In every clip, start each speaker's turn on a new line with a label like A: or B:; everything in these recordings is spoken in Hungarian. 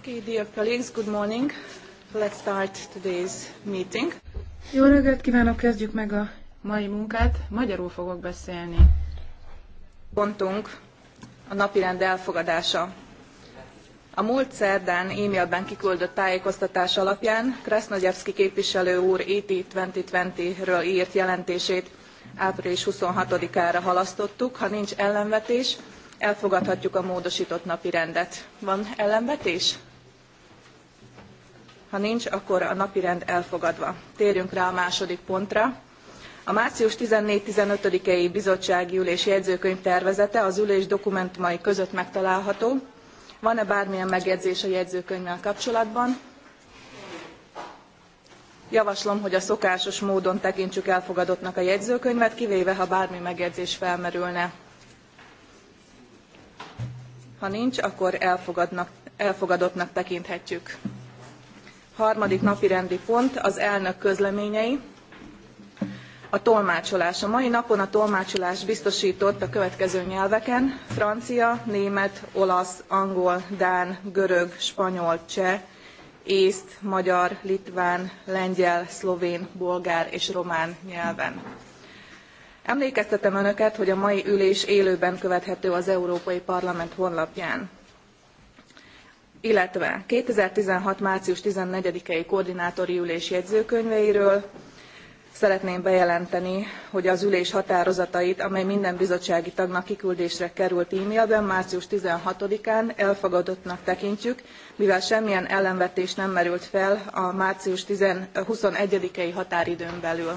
A: Okay, dear colleagues, good morning. Let's start today's meeting.
B: Jó reggelt kívánok, kezdjük meg a mai munkát. Magyarul fogok beszélni. Pontunk a napirend elfogadása. A múlt
A: szerdán e-mailben kiküldött tájékoztatás alapján Krasznodjevszki képviselő úr ET 2020-ről írt jelentését április 26-ára halasztottuk. Ha nincs ellenvetés, elfogadhatjuk a módosított napirendet. Van ellenvetés? Ha nincs, akkor a napirend elfogadva. Térjünk rá a második pontra. A március 14-15-i bizottsági ülés jegyzőkönyv tervezete az ülés dokumentumai között megtalálható. Van-e bármilyen megjegyzés a jegyzőkönyvvel kapcsolatban? Javaslom, hogy a szokásos módon tekintsük elfogadottnak a jegyzőkönyvet, kivéve ha bármi megjegyzés felmerülne. Ha nincs, akkor elfogadottnak tekinthetjük harmadik napirendi pont az elnök közleményei. A tolmácsolás. A mai napon a tolmácsolás biztosított a következő nyelveken. Francia, német, olasz, angol, dán, görög, spanyol, cseh, észt, magyar, litván, lengyel, szlovén, bolgár és román nyelven. Emlékeztetem Önöket, hogy a mai ülés élőben követhető az Európai Parlament honlapján illetve 2016. március 14-i koordinátori ülés jegyzőkönyveiről szeretném bejelenteni, hogy az ülés határozatait, amely minden bizottsági tagnak kiküldésre került e-mailben március 16-án elfogadottnak tekintjük, mivel semmilyen ellenvetés nem merült fel a március 21-i határidőn belül.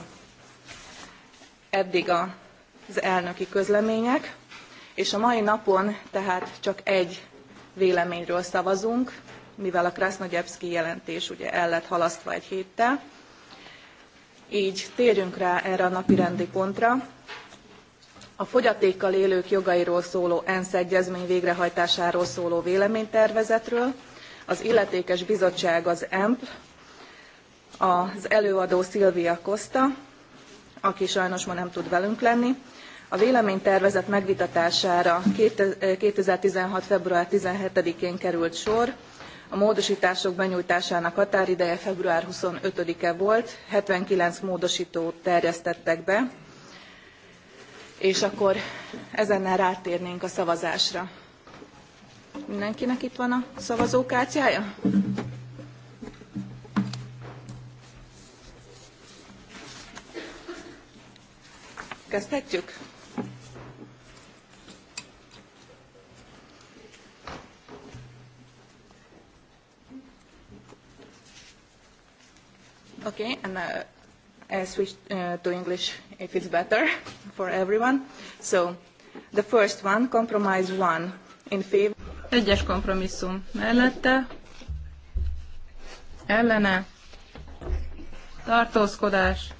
A: Eddig az elnöki közlemények, és a mai napon tehát csak egy véleményről szavazunk, mivel a Krasznodebszki jelentés ugye el lett halasztva egy héttel. Így térjünk rá erre a napirendi pontra. A fogyatékkal élők jogairól szóló ENSZ egyezmény végrehajtásáról szóló véleménytervezetről, az illetékes bizottság az EMP, az előadó Szilvia Costa, aki sajnos ma nem tud velünk lenni, a véleménytervezet megvitatására two thousand and sixteen február seventeen én került sor a módostások benyújtásának határideje február twenty five e volt seventy nine módostót terjesztettek be és akkor ezennel rátérnénk a szavazásra. mindenkinek itt van a szavazókártyája? kezdhetjük? then uh, I switch uh, to English if it's better for everyone. So the first one, compromise one, in favor. Egyes kompromisszum mellette,
B: ellene, tartózkodás,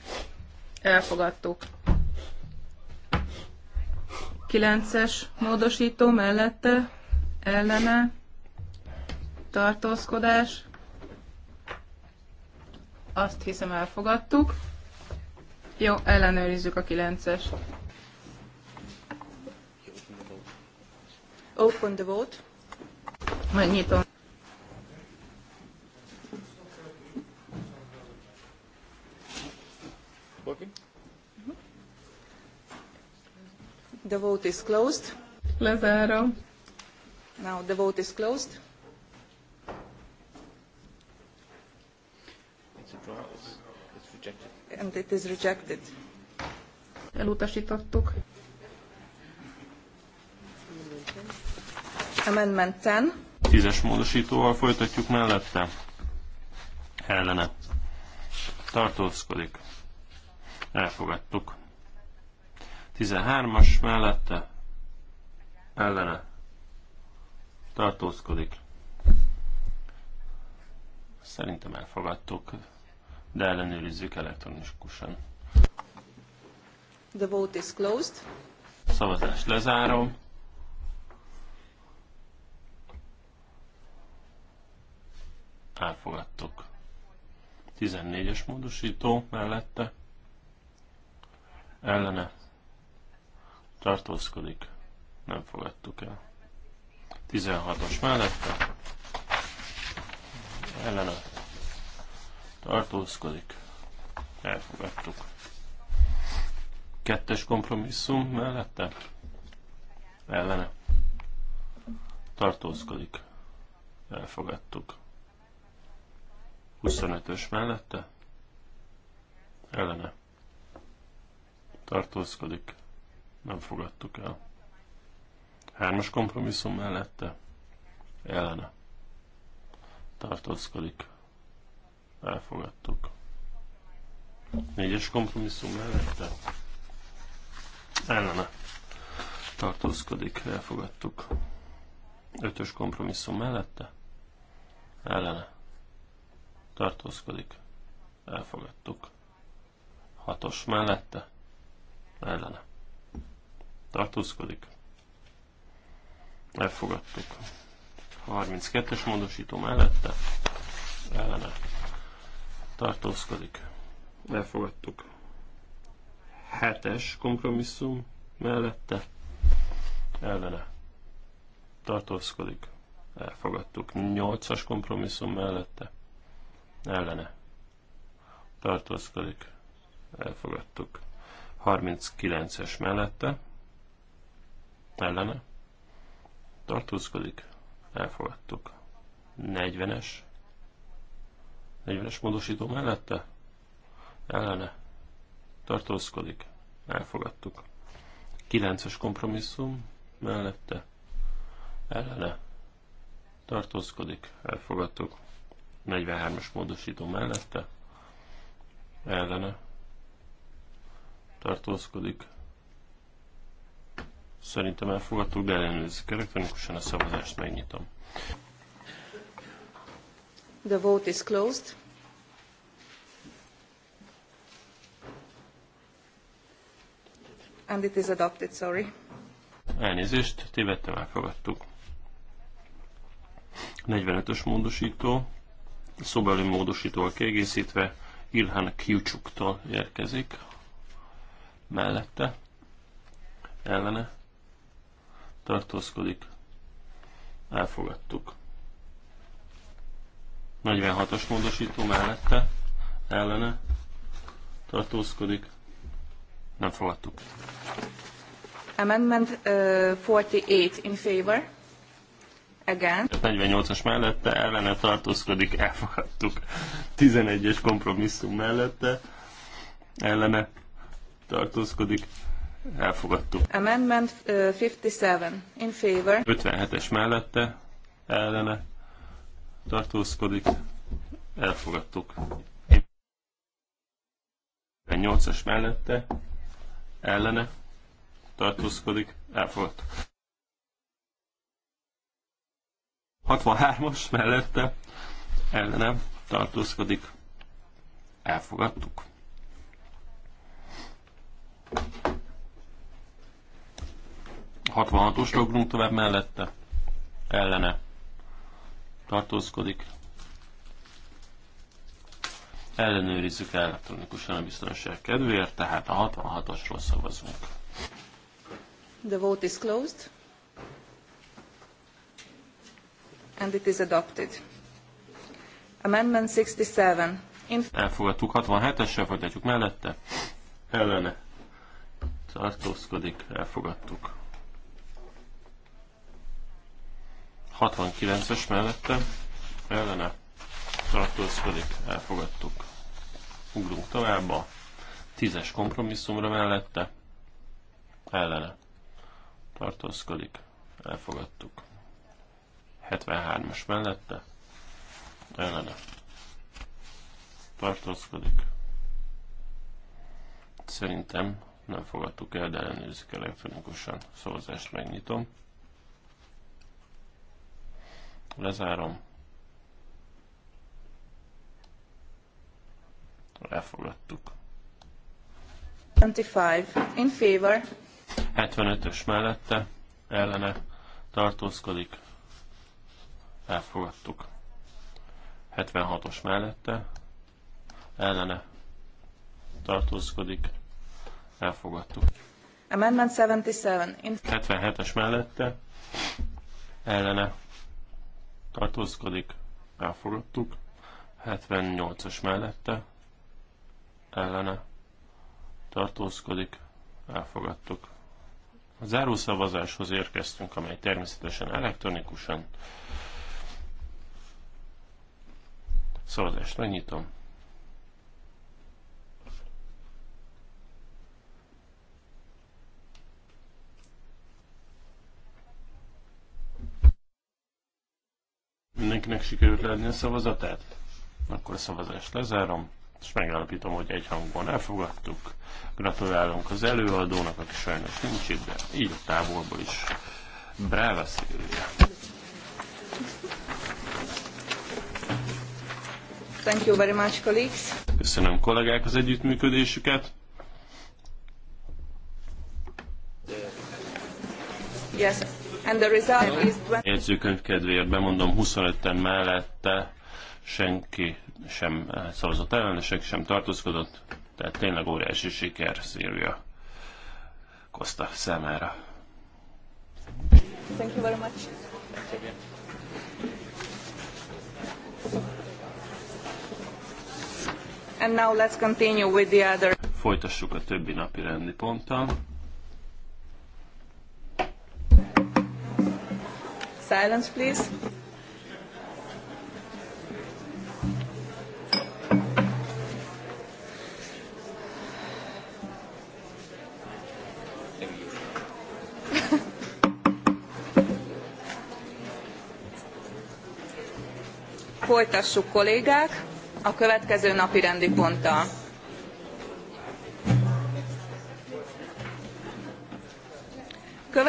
B: elfogadtuk. Kilences módosító mellette, ellene, tartózkodás, azt hiszem elfogadtuk. Jó, ellenőrizzük a 9-est. Open the vote. Majd nyitom.
A: The vote is closed. Lezárom. Now the vote is closed. and it is rejected. Elutasítottuk. Amendment 10.
C: Tízes módosítóval folytatjuk mellette. Ellene. Tartózkodik. Elfogadtuk. 13-as mellette. Ellene. Tartózkodik. Szerintem elfogadtuk de ellenőrizzük elektronikusan.
A: The vote is closed.
C: Szavazást lezárom. Elfogadtuk. 14-es módosító mellette. Ellene. Tartózkodik. Nem fogadtuk el. 16-os mellette. Ellene tartózkodik, elfogadtuk. Kettes kompromisszum mellette, ellene, tartózkodik, elfogadtuk. 25-ös mellette, ellene, tartózkodik, nem fogadtuk el. Hármas kompromisszum mellette, ellene, tartózkodik, elfogadtuk. Négyes kompromisszum mellette ellene tartózkodik, elfogadtuk. Ötös kompromisszum mellette ellene tartózkodik, elfogadtuk. Hatos mellette ellene tartózkodik, elfogadtuk. 32-es módosító mellette ellene tartózkodik. Elfogadtuk. Hetes kompromisszum mellette ellene tartózkodik. Elfogadtuk. Nyolcas kompromisszum mellette ellene tartózkodik. Elfogadtuk. 39-es mellette ellene tartózkodik. Elfogadtuk. 40-es 40-es módosító mellette? Ellene. Tartózkodik. Elfogadtuk. 9-es kompromisszum mellette. Ellene. Tartózkodik. Elfogadtuk. 43-as módosító mellette. Ellene. Tartózkodik. Szerintem elfogadtuk, de ellenőrzik elektronikusan a szavazást, megnyitom.
A: The vote is closed. And it is adopted, sorry.
C: Elnézést, tévedtem, elfogadtuk. 45-ös módosító, szobeli módosítóval kiegészítve, Ilhan Kiucsuktól érkezik, mellette, ellene, tartózkodik, elfogadtuk. 46-os módosító mellette, ellene tartózkodik. Nem fogadtuk.
A: Amendment uh, 48 in favor. Again.
C: 48-as mellette ellene tartózkodik, elfogadtuk. 11-es kompromisszum mellette ellene tartózkodik, elfogadtuk.
A: Amendment uh, 57 in favor.
C: 57-es mellette ellene tartózkodik, elfogadtuk. 8-as mellette, ellene, tartózkodik, elfogadtuk. 63-as mellette, ellene, tartózkodik, elfogadtuk. Hatvanhatos logrunk tovább mellette, ellene tartózkodik. Ellenőrizzük elektronikusan a biztonság kedvéért, tehát a 66-osról szavazunk.
A: The vote is closed. And it is adopted. Amendment 67. In...
C: Elfogadtuk 67-essel, folytatjuk mellette. Ellene. Tartózkodik, elfogadtuk. 69-es mellette ellene tartózkodik, elfogadtuk. Ugrunk tovább a 10-es kompromisszumra mellette ellene tartózkodik, elfogadtuk. 73-as mellette ellene tartózkodik. Szerintem nem fogadtuk el, de ellenőrzik elektronikusan. Szavazást megnyitom. Lezárom. Elfogadtuk.
A: 75 in favor.
C: 75-ös mellette, ellene tartózkodik. Elfogadtuk. 76-os mellette, ellene tartózkodik. Elfogadtuk.
A: Amendment 77. In...
C: 77-es mellette, ellene tartózkodik, elfogadtuk. 78-as mellette, ellene, tartózkodik, elfogadtuk. A zárószavazáshoz érkeztünk, amely természetesen elektronikusan. Szavazást megnyitom. mindenkinek sikerült leadni a szavazatát? Akkor a szavazást lezárom, és megállapítom, hogy egy hangban elfogadtuk. Gratulálunk az előadónak, aki sajnos nincs itt, de így a távolból is. Bráva Szilvia!
A: Thank you very much, colleagues.
C: Köszönöm kollégák az együttműködésüket.
A: Yes. And the result is...
C: Jegyzőkönyv kedvéért bemondom, 25-en mellette senki sem szavazott ellen, senki sem tartózkodott. Tehát tényleg óriási siker Szilvia kosta számára.
A: Thank you very much. And now let's continue with the other.
C: Folytassuk a többi napi rendi ponttal.
A: silence, please. Folytassuk kollégák a következő napi rendi ponttal.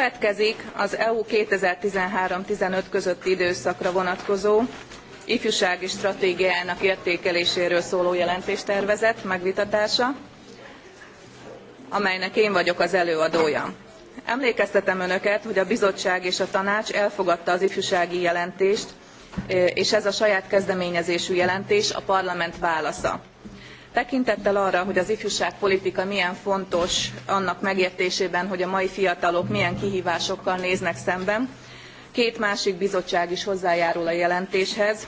A: Következik az EU 2013-15 közötti időszakra vonatkozó ifjúsági stratégiájának értékeléséről szóló jelentéstervezet megvitatása, amelynek én vagyok az előadója. Emlékeztetem Önöket, hogy a bizottság és a tanács elfogadta az ifjúsági jelentést, és ez a saját kezdeményezésű jelentés a parlament válasza tekintettel arra hogy az ifjúságpolitika milyen fontos annak megértésében hogy a mai fiatalok milyen kihvásokkal néznek szembe két másik bizottság is hozzájárul a jelentéshez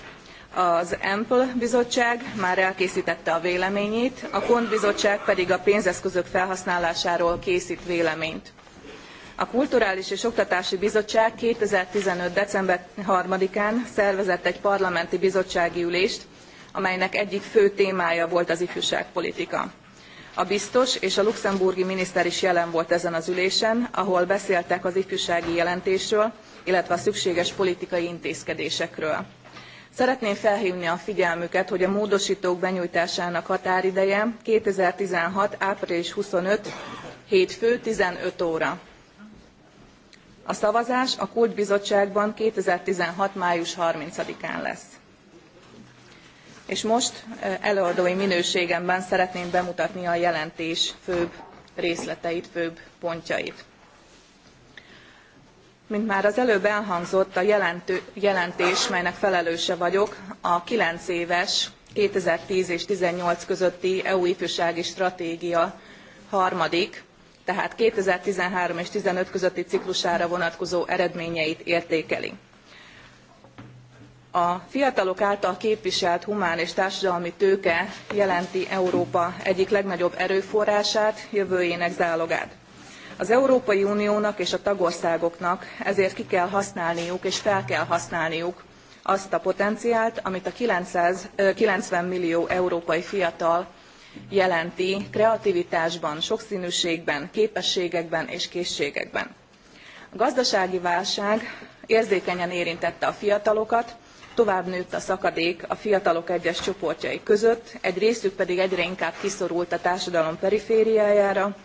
A: az empl bizottság már elkésztette a véleményét a cont bizottság pedig a pénzeszközök felhasználásáról készt véleményt. a kulturális és oktatási bizottság two thousand and fifteen december three án szervezett egy parlamenti bizottsági ülést amelynek egyik fő témája volt az ifjúságpolitika. A biztos és a luxemburgi miniszter is jelen volt ezen az ülésen, ahol beszéltek az ifjúsági jelentésről, illetve a szükséges politikai intézkedésekről. Szeretném felhívni a figyelmüket, hogy a módosítók benyújtásának határideje 2016. április 25. hétfő 15 óra. A szavazás a Kultbizottságban 2016. május 30-án lesz és most előadói minőségemben szeretném bemutatni a jelentés főbb részleteit, főbb pontjait. Mint már az előbb elhangzott, a jelentő, jelentés, melynek felelőse vagyok, a 9 éves 2010 és 18 közötti EU ifjúsági stratégia harmadik, tehát 2013 és 15 közötti ciklusára vonatkozó eredményeit értékeli a fiatalok által képviselt humán és társadalmi tőke jelenti európa egyik legnagyobb erőforrását jövőjének zálogát. az európai uniónak és a tagországoknak ezért ki kell használniuk és fel kell használniuk azt a potenciált amit a nine millió európai fiatal jelenti kreativitásban soksznűségben képességekben és készségekben. a gazdasági válság érzékenyen érintette a fiatalokat tovább nőtt a szakadék a fiatalok egyes csoportjai között, egy részük pedig egyre inkább kiszorult a társadalom perifériájára,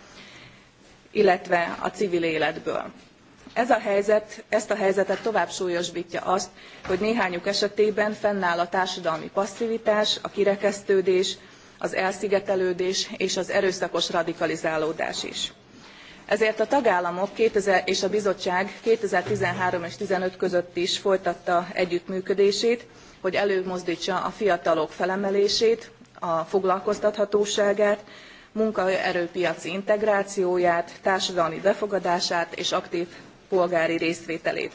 A: illetve a civil életből. Ez a helyzet, ezt a helyzetet tovább súlyosbítja azt, hogy néhányuk esetében fennáll a társadalmi passzivitás, a kirekesztődés, az elszigetelődés és az erőszakos radikalizálódás is ezért a tagállamok és a bizottság two thousand and thirteen és two thousand and fifteen között is folytatta együttműködését hogy előmozdtsa a fiatalok felemelését a foglalkoztathatóságát munkaerőpiaci integrációját társadalmi befogadását és aktv polgári részvételét.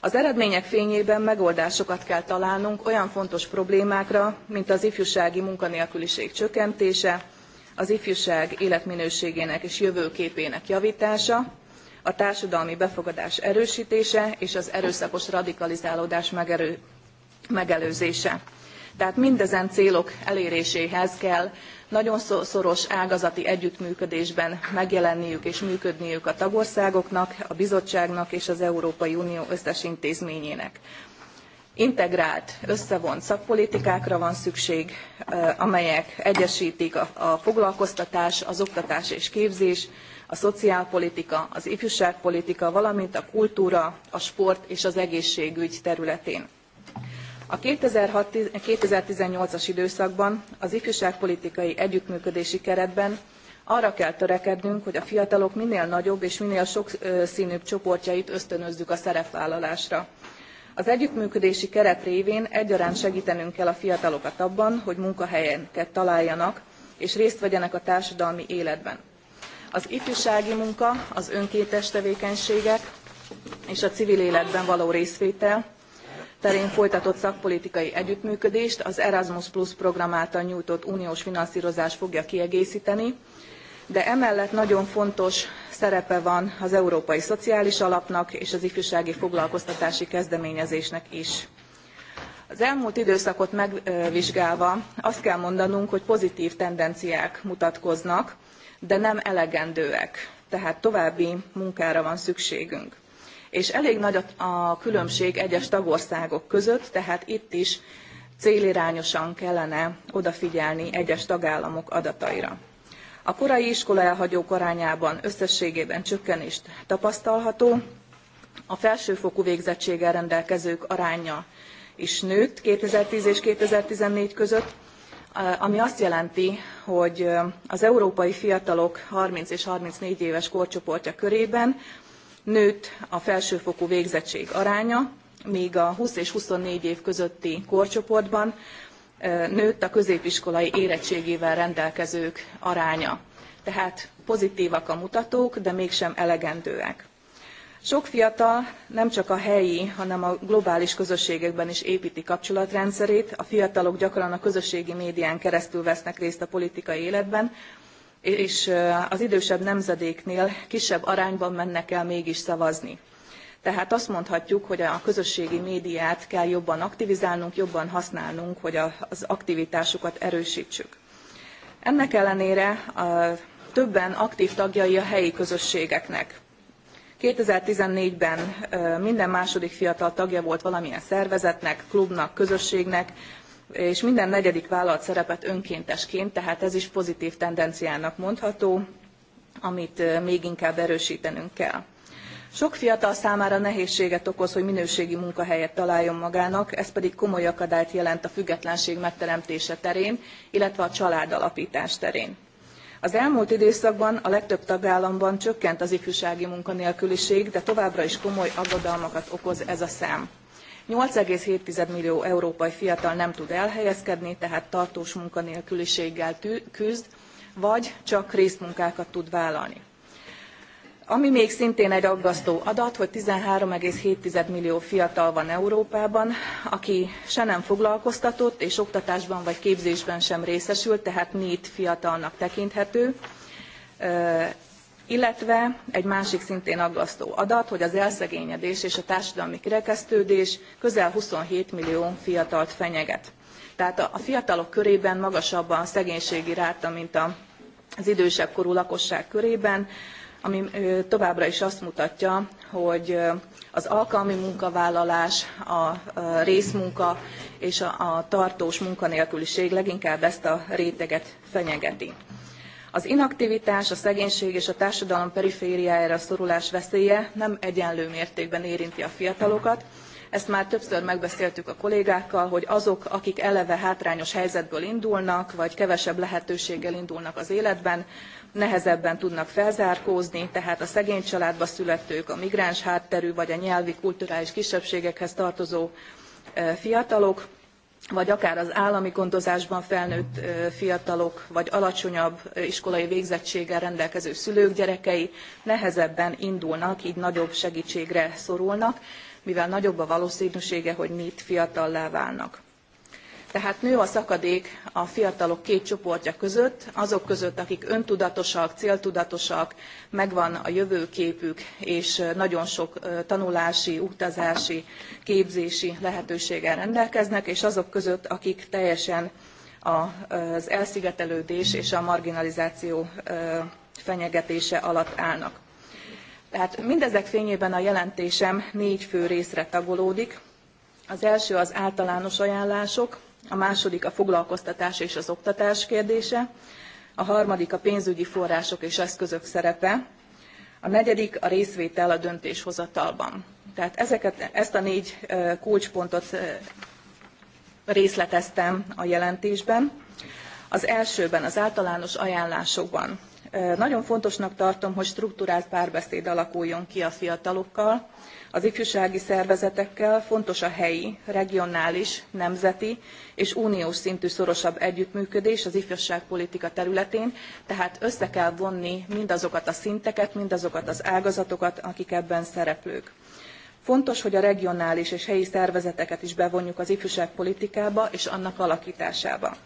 A: az eredmények fényében megoldásokat kell találnunk olyan fontos problémákra mint az ifjúsági munkanélküliség csökkentése az ifjúság életminőségének és jövőképének javítása, a társadalmi befogadás erősítése és az erőszakos radikalizálódás megerő, megelőzése. Tehát mindezen célok eléréséhez kell nagyon szoros ágazati együttműködésben megjelenniük és működniük a tagországoknak, a bizottságnak és az Európai Unió összes intézményének integrált, összevont szakpolitikákra van szükség, eh, amelyek egyesítik a, foglalkoztatás, az oktatás és képzés, a szociálpolitika, az ifjúságpolitika, valamint a kultúra, a sport és az egészségügy területén. A 2018-as időszakban az ifjúságpolitikai együttműködési keretben arra kell törekednünk, hogy a fiatalok minél nagyobb és minél sokszínűbb csoportjait ösztönözzük a szerepvállalásra az együttműködési keret révén egyaránt segítenünk kell a fiatalokat abban, hogy munkahelyeket találjanak és részt vegyenek a társadalmi életben. Az ifjúsági munka, az önkéntes tevékenységek és a civil életben való részvétel terén folytatott szakpolitikai együttműködést az Erasmus Plus program által nyújtott uniós finanszírozás fogja kiegészíteni, de emellett nagyon fontos szerepe van az Európai Szociális Alapnak és az ifjúsági foglalkoztatási kezdeményezésnek is. Az elmúlt időszakot megvizsgálva azt kell mondanunk, hogy pozitív tendenciák mutatkoznak, de nem elegendőek, tehát további munkára van szükségünk. És elég nagy a különbség egyes tagországok között, tehát itt is célirányosan kellene odafigyelni egyes tagállamok adataira. A korai iskola elhagyók arányában összességében csökkenést tapasztalható, a felsőfokú végzettséggel rendelkezők aránya is nőtt 2010 és 2014 között, ami azt jelenti, hogy az európai fiatalok 30 és 34 éves korcsoportja körében nőtt a felsőfokú végzettség aránya, míg a 20 és 24 év közötti korcsoportban nőtt a középiskolai érettségével rendelkezők aránya. Tehát pozitívak a mutatók, de mégsem elegendőek. Sok fiatal nem csak a helyi, hanem a globális közösségekben is építi kapcsolatrendszerét, a fiatalok gyakran a közösségi médián keresztül vesznek részt a politikai életben, és az idősebb nemzedéknél kisebb arányban mennek el mégis szavazni. Tehát azt mondhatjuk, hogy a közösségi médiát kell jobban aktivizálnunk, jobban használnunk, hogy az aktivitásukat erősítsük. Ennek ellenére többen aktív tagjai a helyi közösségeknek. 2014-ben minden második fiatal tagja volt valamilyen szervezetnek, klubnak, közösségnek, és minden negyedik vállalt szerepet önkéntesként, tehát ez is pozitív tendenciának mondható, amit még inkább erősítenünk kell. Sok fiatal számára nehézséget okoz, hogy minőségi munkahelyet találjon magának, ez pedig komoly akadályt jelent a függetlenség megteremtése terén, illetve a családalapítás terén. Az elmúlt időszakban a legtöbb tagállamban csökkent az ifjúsági munkanélküliség, de továbbra is komoly aggodalmakat okoz ez a szám. 8,7 millió európai fiatal nem tud elhelyezkedni, tehát tartós munkanélküliséggel küzd, vagy csak részmunkákat tud vállalni. Ami még szintén egy aggasztó adat, hogy 13,7 millió fiatal van Európában, aki se nem foglalkoztatott, és oktatásban vagy képzésben sem részesült, tehát NEET fiatalnak tekinthető. Illetve egy másik szintén aggasztó adat, hogy az elszegényedés és a társadalmi kirekesztődés közel 27 millió fiatalt fenyeget. Tehát a fiatalok körében magasabb a szegénységi ráta, mint az idősebb korú lakosság körében ami továbbra is azt mutatja, hogy az alkalmi munkavállalás, a részmunka és a tartós munkanélküliség leginkább ezt a réteget fenyegeti. Az inaktivitás, a szegénység és a társadalom perifériájára szorulás veszélye nem egyenlő mértékben érinti a fiatalokat. Ezt már többször megbeszéltük a kollégákkal, hogy azok, akik eleve hátrányos helyzetből indulnak, vagy kevesebb lehetőséggel indulnak az életben, nehezebben tudnak felzárkózni, tehát a szegény családba születők, a migráns hátterű vagy a nyelvi kulturális kisebbségekhez tartozó fiatalok, vagy akár az állami gondozásban felnőtt fiatalok, vagy alacsonyabb iskolai végzettséggel rendelkező szülők gyerekei nehezebben indulnak, így nagyobb segítségre szorulnak, mivel nagyobb a valószínűsége, hogy mit fiatallá válnak tehát nő a szakadék a fiatalok két csoportja között azok között akik öntudatosak céltudatosak megvan a jövőképük és nagyon sok tanulási utazási képzési lehetőséggel rendelkeznek és azok között akik teljesen az elszigetelődés és a marginalizáció fenyegetése alatt állnak. tehát mindezek fényében a jelentésem négy fő részre tagolódik az első az általános ajánlások a második a foglalkoztatás és az oktatás kérdése, a harmadik a pénzügyi források és eszközök szerepe, a negyedik a részvétel a döntéshozatalban. Tehát ezeket, ezt a négy kulcspontot részleteztem a jelentésben. Az elsőben, az általános ajánlásokban nagyon fontosnak tartom, hogy strukturált párbeszéd alakuljon ki a fiatalokkal, az ifjúsági szervezetekkel, fontos a helyi, regionális, nemzeti és uniós szintű szorosabb együttműködés az ifjúságpolitika területén, tehát össze kell vonni mindazokat a szinteket, mindazokat az ágazatokat, akik ebben szereplők. Fontos, hogy a regionális és helyi szervezeteket is bevonjuk az ifjúságpolitikába és annak alakításába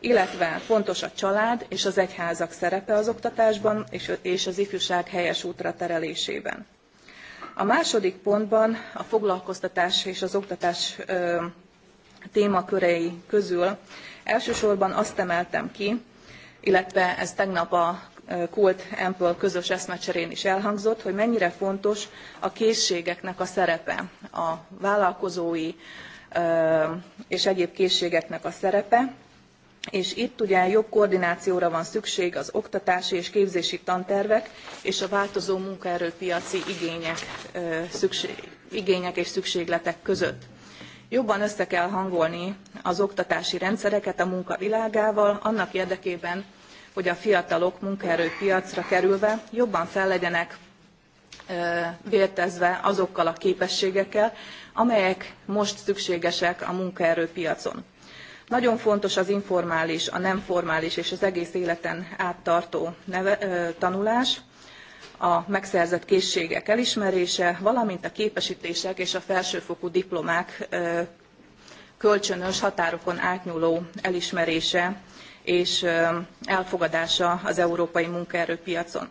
A: illetve fontos a család és az egyházak szerepe az oktatásban és az ifjúság helyes útra terelésében. A második pontban a foglalkoztatás és az oktatás témakörei közül elsősorban azt emeltem ki, illetve ez tegnap a Kult Ample közös eszmecserén is elhangzott, hogy mennyire fontos a készségeknek a szerepe, a vállalkozói és egyéb készségeknek a szerepe, és itt ugye jobb koordinációra van szükség az oktatási és képzési tantervek és a változó munkaerőpiaci igények, szükség, igények és szükségletek között. Jobban össze kell hangolni az oktatási rendszereket a munka világával, annak érdekében, hogy a fiatalok munkaerőpiacra kerülve jobban fel legyenek vértezve azokkal a képességekkel, amelyek most szükségesek a munkaerőpiacon nagyon fontos az informális, a nem formális és az egész életen áttartó neve, tanulás, a megszerzett készségek elismerése, valamint a képesítések és a felsőfokú diplomák kölcsönös határokon átnyúló elismerése és elfogadása az európai munkaerőpiacon.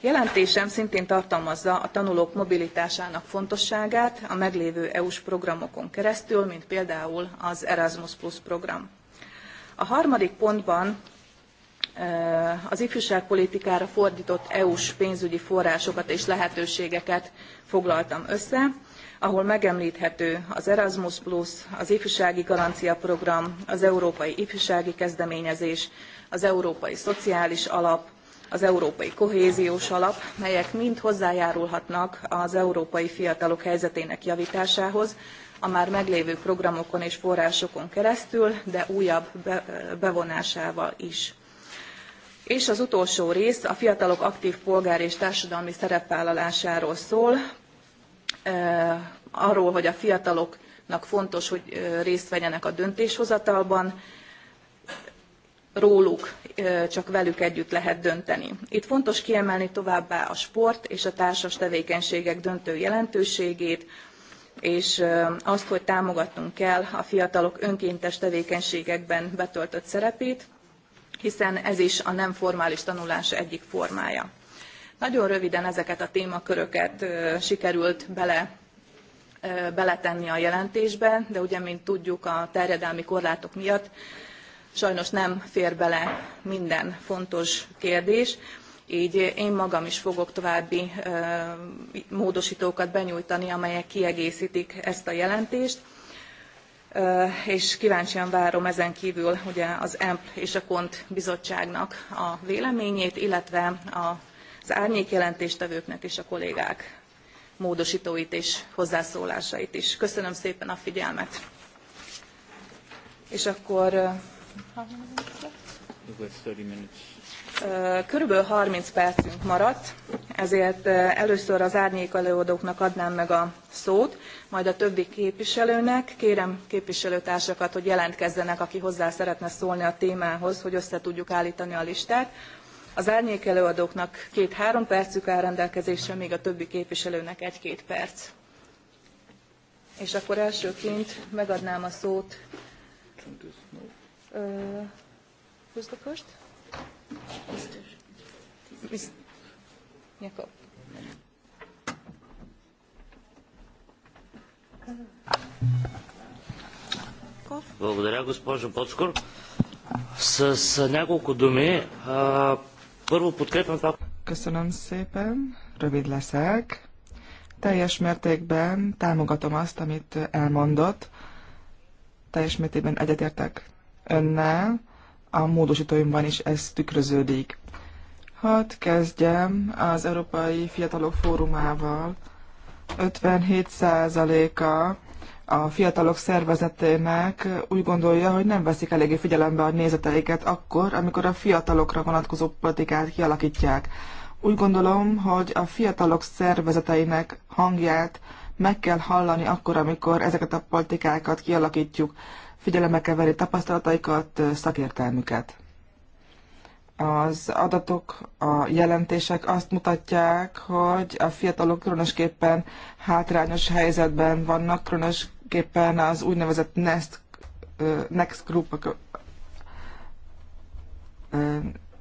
A: Jelentésem szintén tartalmazza a tanulók mobilitásának fontosságát a meglévő EU-s programokon keresztül, mint például az Erasmus Plus program. A harmadik pontban az ifjúságpolitikára fordított EU-s pénzügyi forrásokat és lehetőségeket foglaltam össze, ahol megemlíthető az Erasmus az Ifjúsági Garancia Program, az Európai Ifjúsági Kezdeményezés, az Európai Szociális Alap, az Európai Kohéziós Alap, melyek mind hozzájárulhatnak az európai fiatalok helyzetének javításához, a már meglévő programokon és forrásokon keresztül, de újabb bevonásával is. És az utolsó rész a fiatalok aktív polgár és társadalmi szerepvállalásáról szól, arról, hogy a fiataloknak fontos, hogy részt vegyenek a döntéshozatalban, róluk csak velük együtt lehet dönteni. Itt fontos kiemelni továbbá a sport és a társas tevékenységek döntő jelentőségét, és azt, hogy támogatnunk kell a fiatalok önkéntes tevékenységekben betöltött szerepét, hiszen ez is a nem formális tanulás egyik formája. Nagyon röviden ezeket a témaköröket sikerült bele beletenni a jelentésbe, de ugye, mint tudjuk, a terjedelmi korlátok miatt sajnos nem fér bele minden fontos kérdés, így én magam is fogok további módosítókat benyújtani, amelyek kiegészítik ezt a jelentést, és kíváncsian várom ezen kívül ugye az EMP és a KONT bizottságnak a véleményét, illetve a az árnyék jelentéstevőknek és a kollégák módosítóit és hozzászólásait is. Köszönöm szépen a figyelmet. És akkor... Körülbelül 30 percünk maradt, ezért először az árnyék előadóknak adnám meg a szót, majd a többi képviselőnek. Kérem képviselőtársakat, hogy jelentkezzenek, aki hozzá szeretne szólni a témához, hogy össze tudjuk állítani a listát. Az árnyék előadóknak két-három percük áll rendelkezésre, még a többi képviselőnek egy-két perc. És akkor elsőként megadnám a szót.
C: Благодаря, госпожо Подскор. С няколко думи
D: Köszönöm szépen, rövid leszek. Teljes mértékben támogatom azt, amit elmondott. Teljes mértékben egyetértek önnel, a módosítóimban is ez tükröződik. Hadd kezdjem az Európai Fiatalok Fórumával. 57%-a a fiatalok szervezetének úgy gondolja, hogy nem veszik eléggé figyelembe a nézeteiket akkor, amikor a fiatalokra vonatkozó politikát kialakítják. Úgy gondolom, hogy a fiatalok szervezeteinek hangját meg kell hallani akkor, amikor ezeket a politikákat kialakítjuk, figyelemekkel veri tapasztalataikat, szakértelmüket. Az adatok, a jelentések azt mutatják, hogy a fiatalok különösképpen hátrányos helyzetben vannak, különösképpen tulajdonképpen az úgynevezett Next, Next Group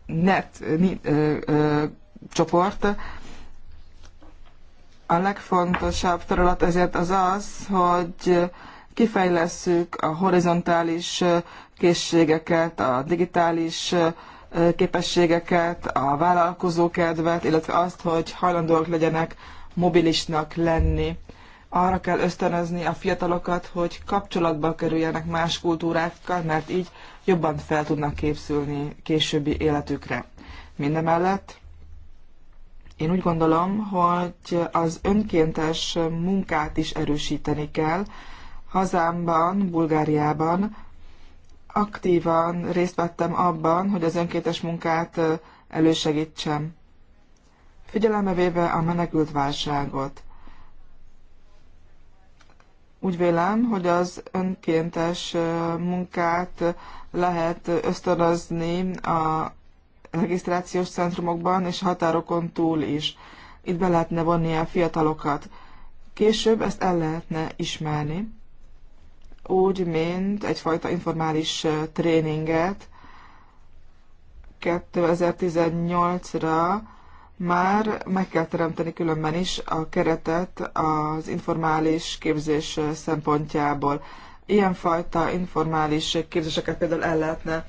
D: net csoport. A legfontosabb terület ezért az az, hogy kifejlesszük a horizontális készségeket, a digitális képességeket, a vállalkozókedvet, illetve azt, hogy hajlandóak legyenek mobilisnak lenni arra kell ösztönözni a fiatalokat, hogy kapcsolatba kerüljenek más kultúrákkal, mert így jobban fel tudnak képzülni későbbi életükre. Mindemellett én úgy gondolom, hogy az önkéntes munkát is erősíteni kell. Hazámban, Bulgáriában aktívan részt vettem abban, hogy az önkéntes munkát elősegítsem. Figyelembe véve a menekült válságot, úgy vélem, hogy az önkéntes munkát lehet ösztönözni a regisztrációs centrumokban és határokon túl is. Itt be lehetne vonni a fiatalokat. Később ezt el lehetne ismerni, úgy, mint egyfajta informális tréninget 2018-ra már meg kell teremteni különben is a keretet az informális képzés szempontjából. Ilyenfajta informális képzéseket például el lehetne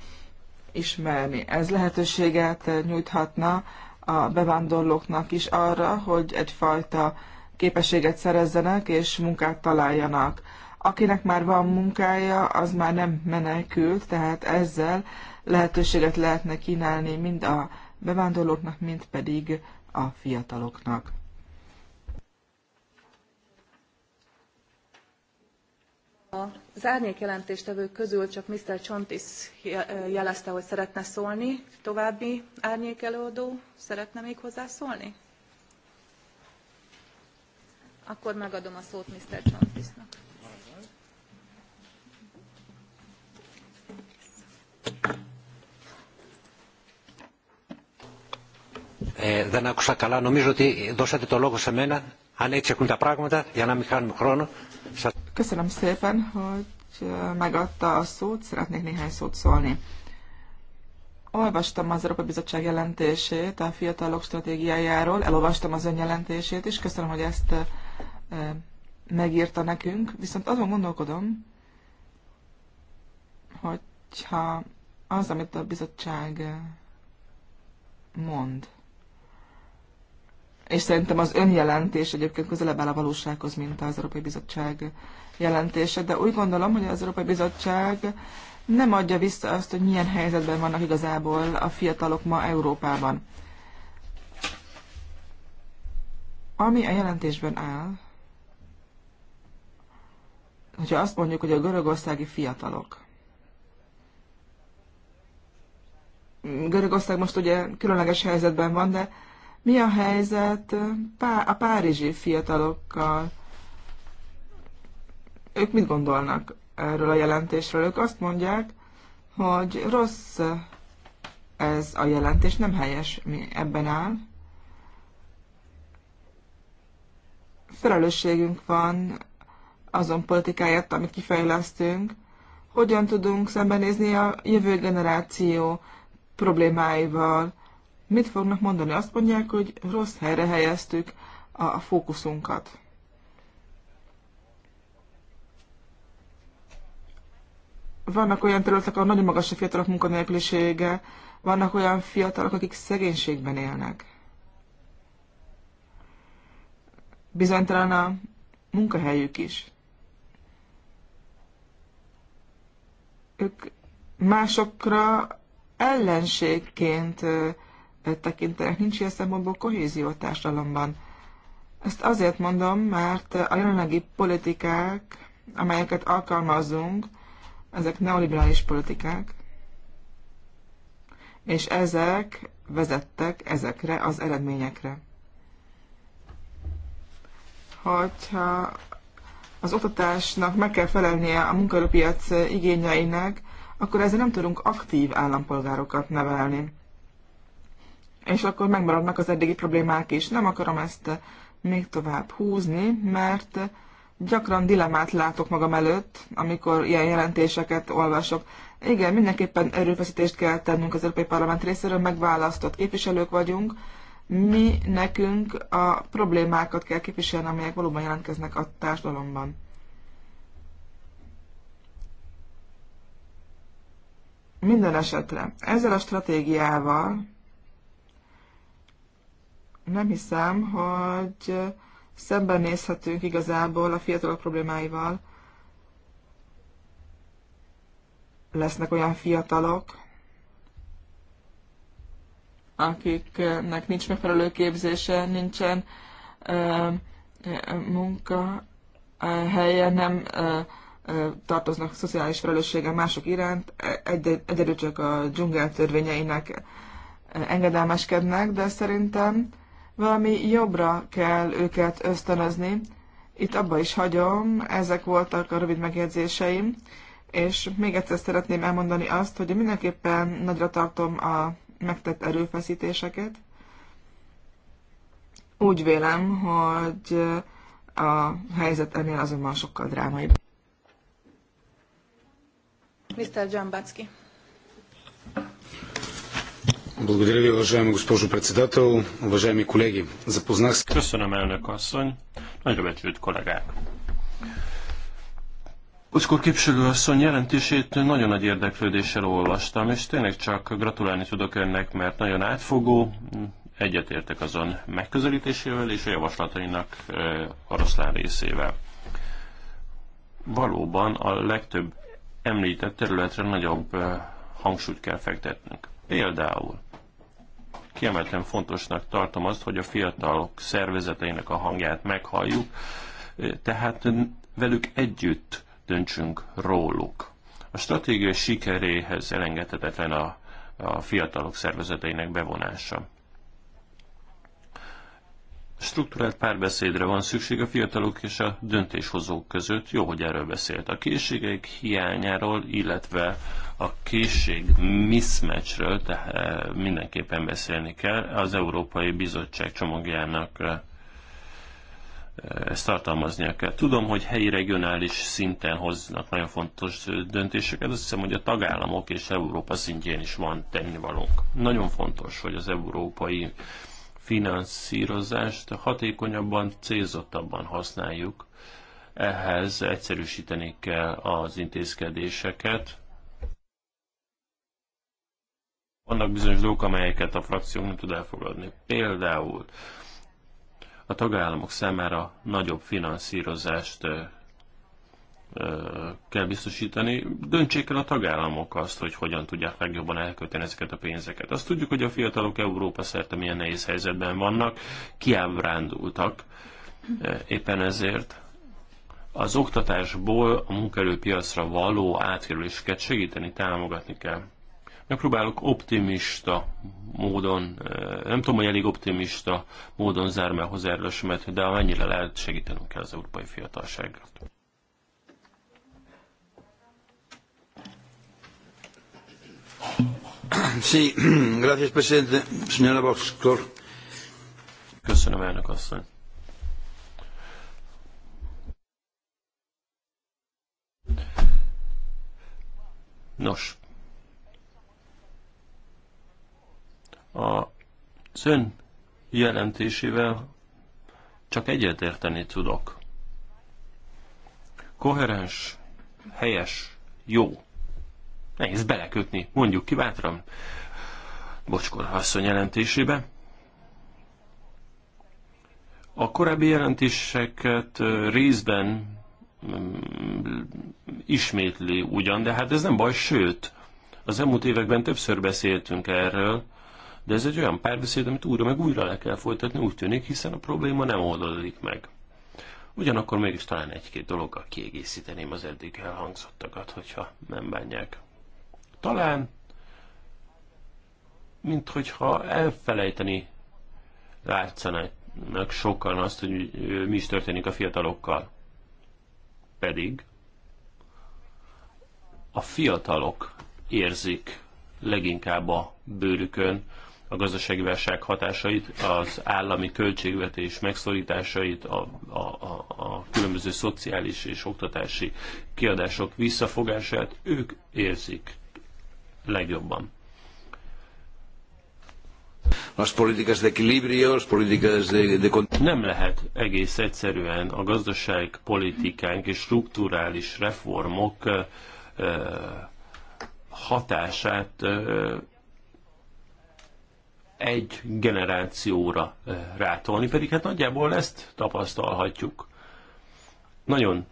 D: ismerni. Ez lehetőséget nyújthatna a bevándorlóknak is arra, hogy egyfajta képességet szerezzenek és munkát találjanak. Akinek már van munkája, az már nem menekült, tehát ezzel lehetőséget lehetne kínálni mind a bevándorlóknak, mint pedig a fiataloknak.
A: Az árnyék jelentéstevők közül csak Mr. Csontis jelezte, hogy szeretne szólni. További árnyék előadó szeretne még hozzászólni? Akkor megadom a szót Mr. Csontisnak.
C: Thank δεν άκουσα καλά. Νομίζω ότι δώσατε το λόγο σε μένα, αν έτσι έχουν τα πράγματα, για να μην χάνουμε χρόνο.
D: Köszönöm szépen, hogy megadta a szót, szeretnék néhány szót szólni. Olvastam az Európai Bizottság jelentését a fiatalok stratégiájáról, elolvastam az ön jelentését is, köszönöm, hogy ezt megírta nekünk, viszont azon gondolkodom, hogyha az, amit a bizottság mond, és szerintem az önjelentés egyébként közelebb áll a valósághoz, mint az Európai Bizottság jelentése, de úgy gondolom, hogy az Európai Bizottság nem adja vissza azt, hogy milyen helyzetben vannak igazából a fiatalok ma Európában. Ami a jelentésben áll, hogyha azt mondjuk, hogy a görögországi fiatalok. Görögország most ugye különleges helyzetben van, de mi a helyzet a párizsi fiatalokkal? Ők mit gondolnak erről a jelentésről? Ők azt mondják, hogy rossz ez a jelentés, nem helyes, mi ebben áll. Felelősségünk van azon politikáját, amit kifejlesztünk, hogyan tudunk szembenézni a jövő generáció problémáival, Mit fognak mondani? Azt mondják, hogy rossz helyre helyeztük a fókuszunkat. Vannak olyan területek, ahol nagyon magas a fiatalok munkanélkülisége, vannak olyan fiatalok, akik szegénységben élnek. Bizonytalan a munkahelyük is. Ők másokra ellenségként E tekintenek. Nincs ilyen szempontból kohézió a társadalomban. Ezt azért mondom, mert a jelenlegi politikák, amelyeket alkalmazunk, ezek neoliberális politikák, és ezek vezettek ezekre az eredményekre. Hogyha az oktatásnak meg kell felelnie a munkaerőpiac igényeinek, akkor ezzel nem tudunk aktív állampolgárokat nevelni és akkor megmaradnak az eddigi problémák is. Nem akarom ezt még tovább húzni, mert gyakran dilemát látok magam előtt, amikor ilyen jelentéseket olvasok. Igen, mindenképpen erőfeszítést kell tennünk az Európai Parlament részéről, megválasztott képviselők vagyunk, mi nekünk a problémákat kell képviselni, amelyek valóban jelentkeznek a társadalomban. Minden esetre ezzel a stratégiával nem hiszem, hogy nézhetünk igazából a fiatalok problémáival. Lesznek olyan fiatalok, akiknek nincs megfelelő képzése, nincsen ö, munka helye, nem ö, ö, tartoznak szociális felelősséggel mások iránt, e, egy, egyedül csak a dzsungel törvényeinek engedelmeskednek, de szerintem valami jobbra kell őket ösztönözni. Itt abba is hagyom, ezek voltak a rövid megjegyzéseim, és még egyszer szeretném elmondani azt, hogy mindenképpen nagyra tartom a megtett erőfeszítéseket. Úgy vélem, hogy a helyzet ennél azonban sokkal drámaibb.
A: Mr. Jambacki.
C: Благодаря ви, уважаема госпожо председател, уважаеми колеги. Запознах се... asszony. jelentését nagyon nagy érdeklődéssel olvastam, és tényleg csak gratulálni tudok önnek, mert nagyon átfogó, egyetértek azon megközelítésével és a javaslatainak oroszlán részével. Valóban a legtöbb említett területre nagyobb hangsúlyt kell fektetnünk. Például Kiemelten fontosnak tartom azt, hogy a fiatalok szervezeteinek a hangját meghalljuk, tehát velük együtt döntsünk róluk. A stratégia sikeréhez elengedhetetlen a, a fiatalok szervezeteinek bevonása. Struktúrált párbeszédre van szükség a fiatalok és a döntéshozók között. Jó, hogy erről beszélt. A készségek hiányáról, illetve a készség mismatchről tehát eh, mindenképpen beszélni kell. Az Európai Bizottság csomagjának eh, ezt tartalmaznia kell. Tudom, hogy helyi regionális szinten hoznak nagyon fontos döntéseket, azt hiszem, hogy a tagállamok és Európa szintjén is van tennivalónk. Nagyon fontos, hogy az európai finanszírozást hatékonyabban, célzottabban használjuk. Ehhez egyszerűsíteni kell az intézkedéseket. Vannak bizonyos dolgok, amelyeket a frakció nem tud elfogadni. Például a tagállamok számára nagyobb finanszírozást kell biztosítani. Döntsék el a tagállamok azt, hogy hogyan tudják legjobban elkölteni ezeket a pénzeket. Azt tudjuk, hogy a fiatalok Európa szerte milyen nehéz helyzetben vannak, kiábrándultak. Éppen ezért az oktatásból a munkaerőpiacra való átkerüléseket segíteni, támogatni kell. Megpróbálok optimista módon, nem tudom, hogy elég optimista módon zárm el hozzájárulásomat, de amennyire lehet segítenünk kell az európai fiatalságot. Sí, gracias, presidente. Señora Köszönöm, elnök asszony. Nos, a ön jelentésével csak egyetérteni tudok. Koherens, helyes, jó Nehéz belekötni, mondjuk ki bátran. Bocskor asszony jelentésébe. A korábbi jelentéseket részben mm, ismétli ugyan, de hát ez nem baj, sőt, az elmúlt években többször beszéltünk erről, de ez egy olyan párbeszéd, amit újra meg újra le kell folytatni, úgy tűnik, hiszen a probléma nem oldódik meg. Ugyanakkor mégis talán egy-két dologgal kiegészíteném az eddig elhangzottakat, hogyha nem bánják. Talán, mint hogyha elfelejteni látszanak sokan azt, hogy mi is történik a fiatalokkal. Pedig a fiatalok érzik leginkább a bőrükön a gazdasági válság hatásait, az állami költségvetés megszorításait, a, a, a, a különböző szociális és oktatási kiadások visszafogását, ők érzik legjobban. Nem lehet egész egyszerűen a gazdaság politikánk és strukturális reformok hatását egy generációra rátolni, pedig hát nagyjából ezt tapasztalhatjuk. Nagyon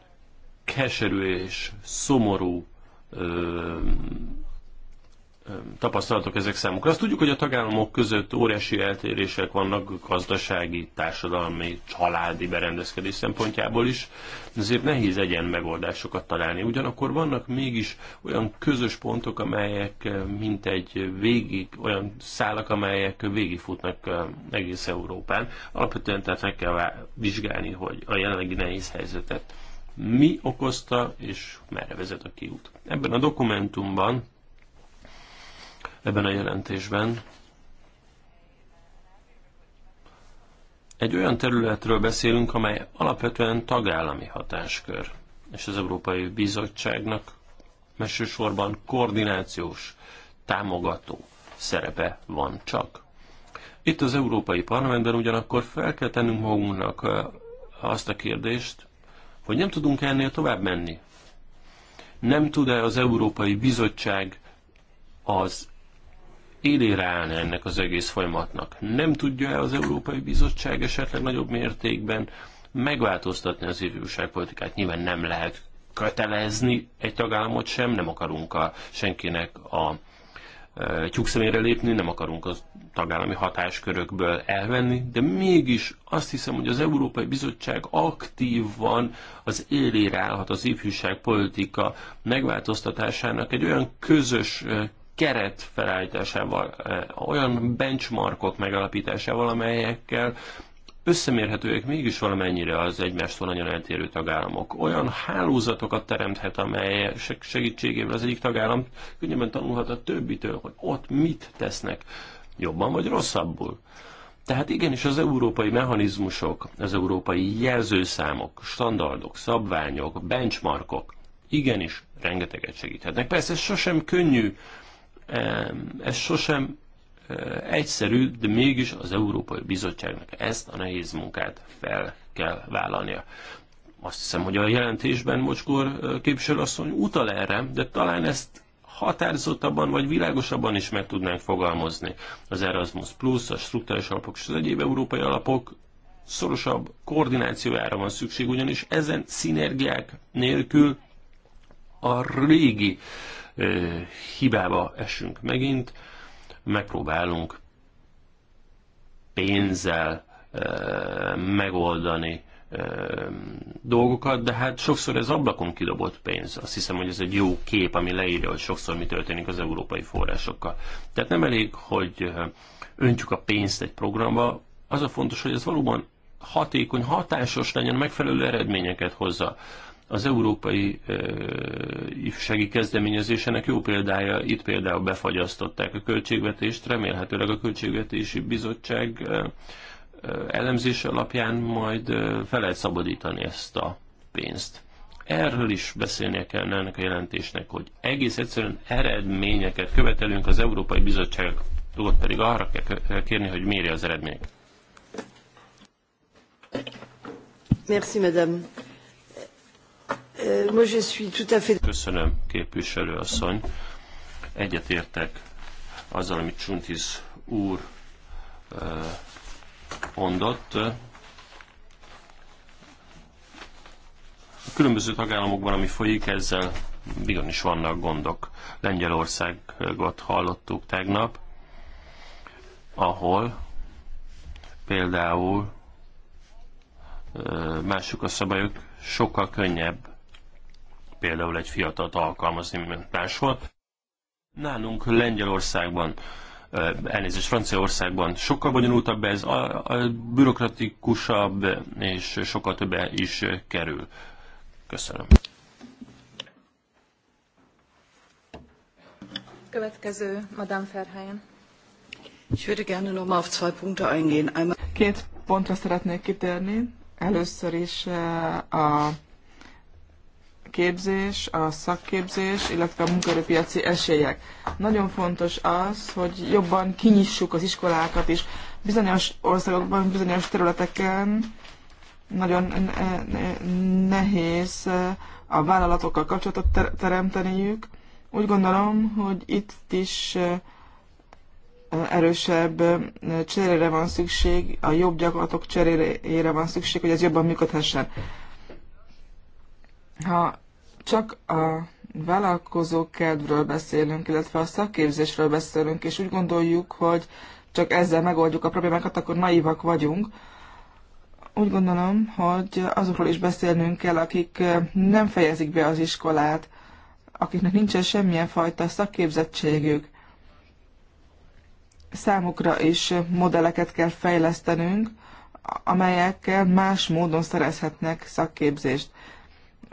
C: keserű és szomorú tapasztalatok ezek számukra. Azt tudjuk, hogy a tagállamok között óriási eltérések vannak gazdasági, társadalmi, családi berendezkedés szempontjából is, ezért nehéz egyen megoldásokat találni. Ugyanakkor vannak mégis olyan közös pontok, amelyek eh, mint egy végig, olyan szálak, amelyek végigfutnak eh, egész Európán. Alapvetően tehát meg kell vizsgálni, hogy a jelenlegi nehéz helyzetet mi okozta, és merre vezet a kiút. Ebben a dokumentumban ebben a jelentésben. Egy olyan területről beszélünk, amely alapvetően tagállami hatáskör, és az Európai Bizottságnak mesősorban koordinációs, támogató szerepe van csak. Itt az Európai Parlamentben ugyanakkor fel kell tennünk magunknak azt a kérdést, hogy nem tudunk ennél tovább menni. Nem tud-e az Európai Bizottság az élére állna ennek az egész folyamatnak. Nem tudja-e az Európai Bizottság esetleg nagyobb mértékben megváltoztatni az ifjúságpolitikát? Nyilván nem lehet kötelezni egy tagállamot sem, nem akarunk a, senkinek a e, tyúk szemére lépni, nem akarunk az tagállami hatáskörökből elvenni, de mégis azt hiszem, hogy az Európai Bizottság aktívan az élére állhat az ifjúságpolitika megváltoztatásának egy olyan közös e, keret felállításával, olyan benchmarkok megalapításával, amelyekkel összemérhetőek mégis valamennyire az egymástól nagyon eltérő tagállamok. Olyan hálózatokat teremthet, amely segítségével az egyik tagállam könnyebben tanulhat a többitől, hogy ott mit tesznek, jobban vagy rosszabbul. Tehát igenis az európai mechanizmusok, az európai jelzőszámok, standardok, szabványok, benchmarkok igenis rengeteget segíthetnek. Persze ez sosem könnyű ez sosem egyszerű, de mégis az Európai Bizottságnak ezt a nehéz munkát fel kell vállalnia. Azt hiszem, hogy a jelentésben Mocskor képviselőasszony utal erre, de talán ezt határozottabban vagy világosabban is meg tudnánk fogalmazni. Az Erasmus Plus, a struktúrás alapok és az egyéb európai alapok szorosabb koordinációjára van szükség, ugyanis ezen szinergiák nélkül a régi uh, hibába esünk megint, megpróbálunk pénzzel megoldani dolgokat, de hát sokszor ez ablakon kidobott pénz. Azt hiszem, hogy ez egy jó kép, ami leírja, hogy sokszor mi történik az európai forrásokkal. Tehát nem elég, hogy öntjük a pénzt egy programba, az a fontos, hogy ez valóban hatékony, hatásos legyen, megfelelő eredményeket hozza. Az európai ifjúsági kezdeményezésének jó példája, itt például befagyasztották a költségvetést, remélhetőleg a Költségvetési Bizottság elemzése alapján majd fel lehet szabadítani ezt a pénzt. Erről is beszélnie kellene ennek a jelentésnek, hogy egész egyszerűen eredményeket követelünk az Európai bizottság ott pedig arra kell kérni, hogy mérje az eredményeket.
D: Merci, madame.
C: Euh, Köszönöm, képviselő asszony. tout à Egyetértek azzal, amit Csuntis úr mondott. A különböző tagállamokban, ami folyik, ezzel is vannak gondok. Lengyelországot hallottuk tegnap, ahol például mások a szabályok, sokkal könnyebb például egy fiatalt alkalmazni, mint máshol. Nálunk Lengyelországban, elnézést Franciaországban sokkal bonyolultabb ez, a, a bürokratikusabb és sokkal többe is kerül. Köszönöm.
A: Következő, Madame Ferhelyen.
C: Ich würde gerne noch mal auf zwei Punkte eingehen.
D: Einmal Két pontra szeretnék kitérni. Először is a képzés, a szakképzés, illetve a munkaerőpiaci esélyek. Nagyon fontos az, hogy jobban kinyissuk az iskolákat is. Bizonyos országokban, bizonyos területeken nagyon nehéz eh, a vállalatokkal kapcsolatot teremteniük. Úgy gondolom, hogy itt is eh, erősebb eh, cserére van szükség, a jobb gyakorlatok cserére van szükség, hogy ez jobban működhessen. Ha csak a vállalkozók kedvről beszélünk, illetve a szakképzésről beszélünk, és úgy gondoljuk, hogy csak ezzel megoldjuk a problémákat, akkor naivak vagyunk. Úgy gondolom, hogy azokról is beszélnünk kell, akik nem fejezik be az iskolát, akiknek nincsen semmilyen fajta szakképzettségük. Számukra is modelleket kell fejlesztenünk, amelyekkel más módon szerezhetnek szakképzést.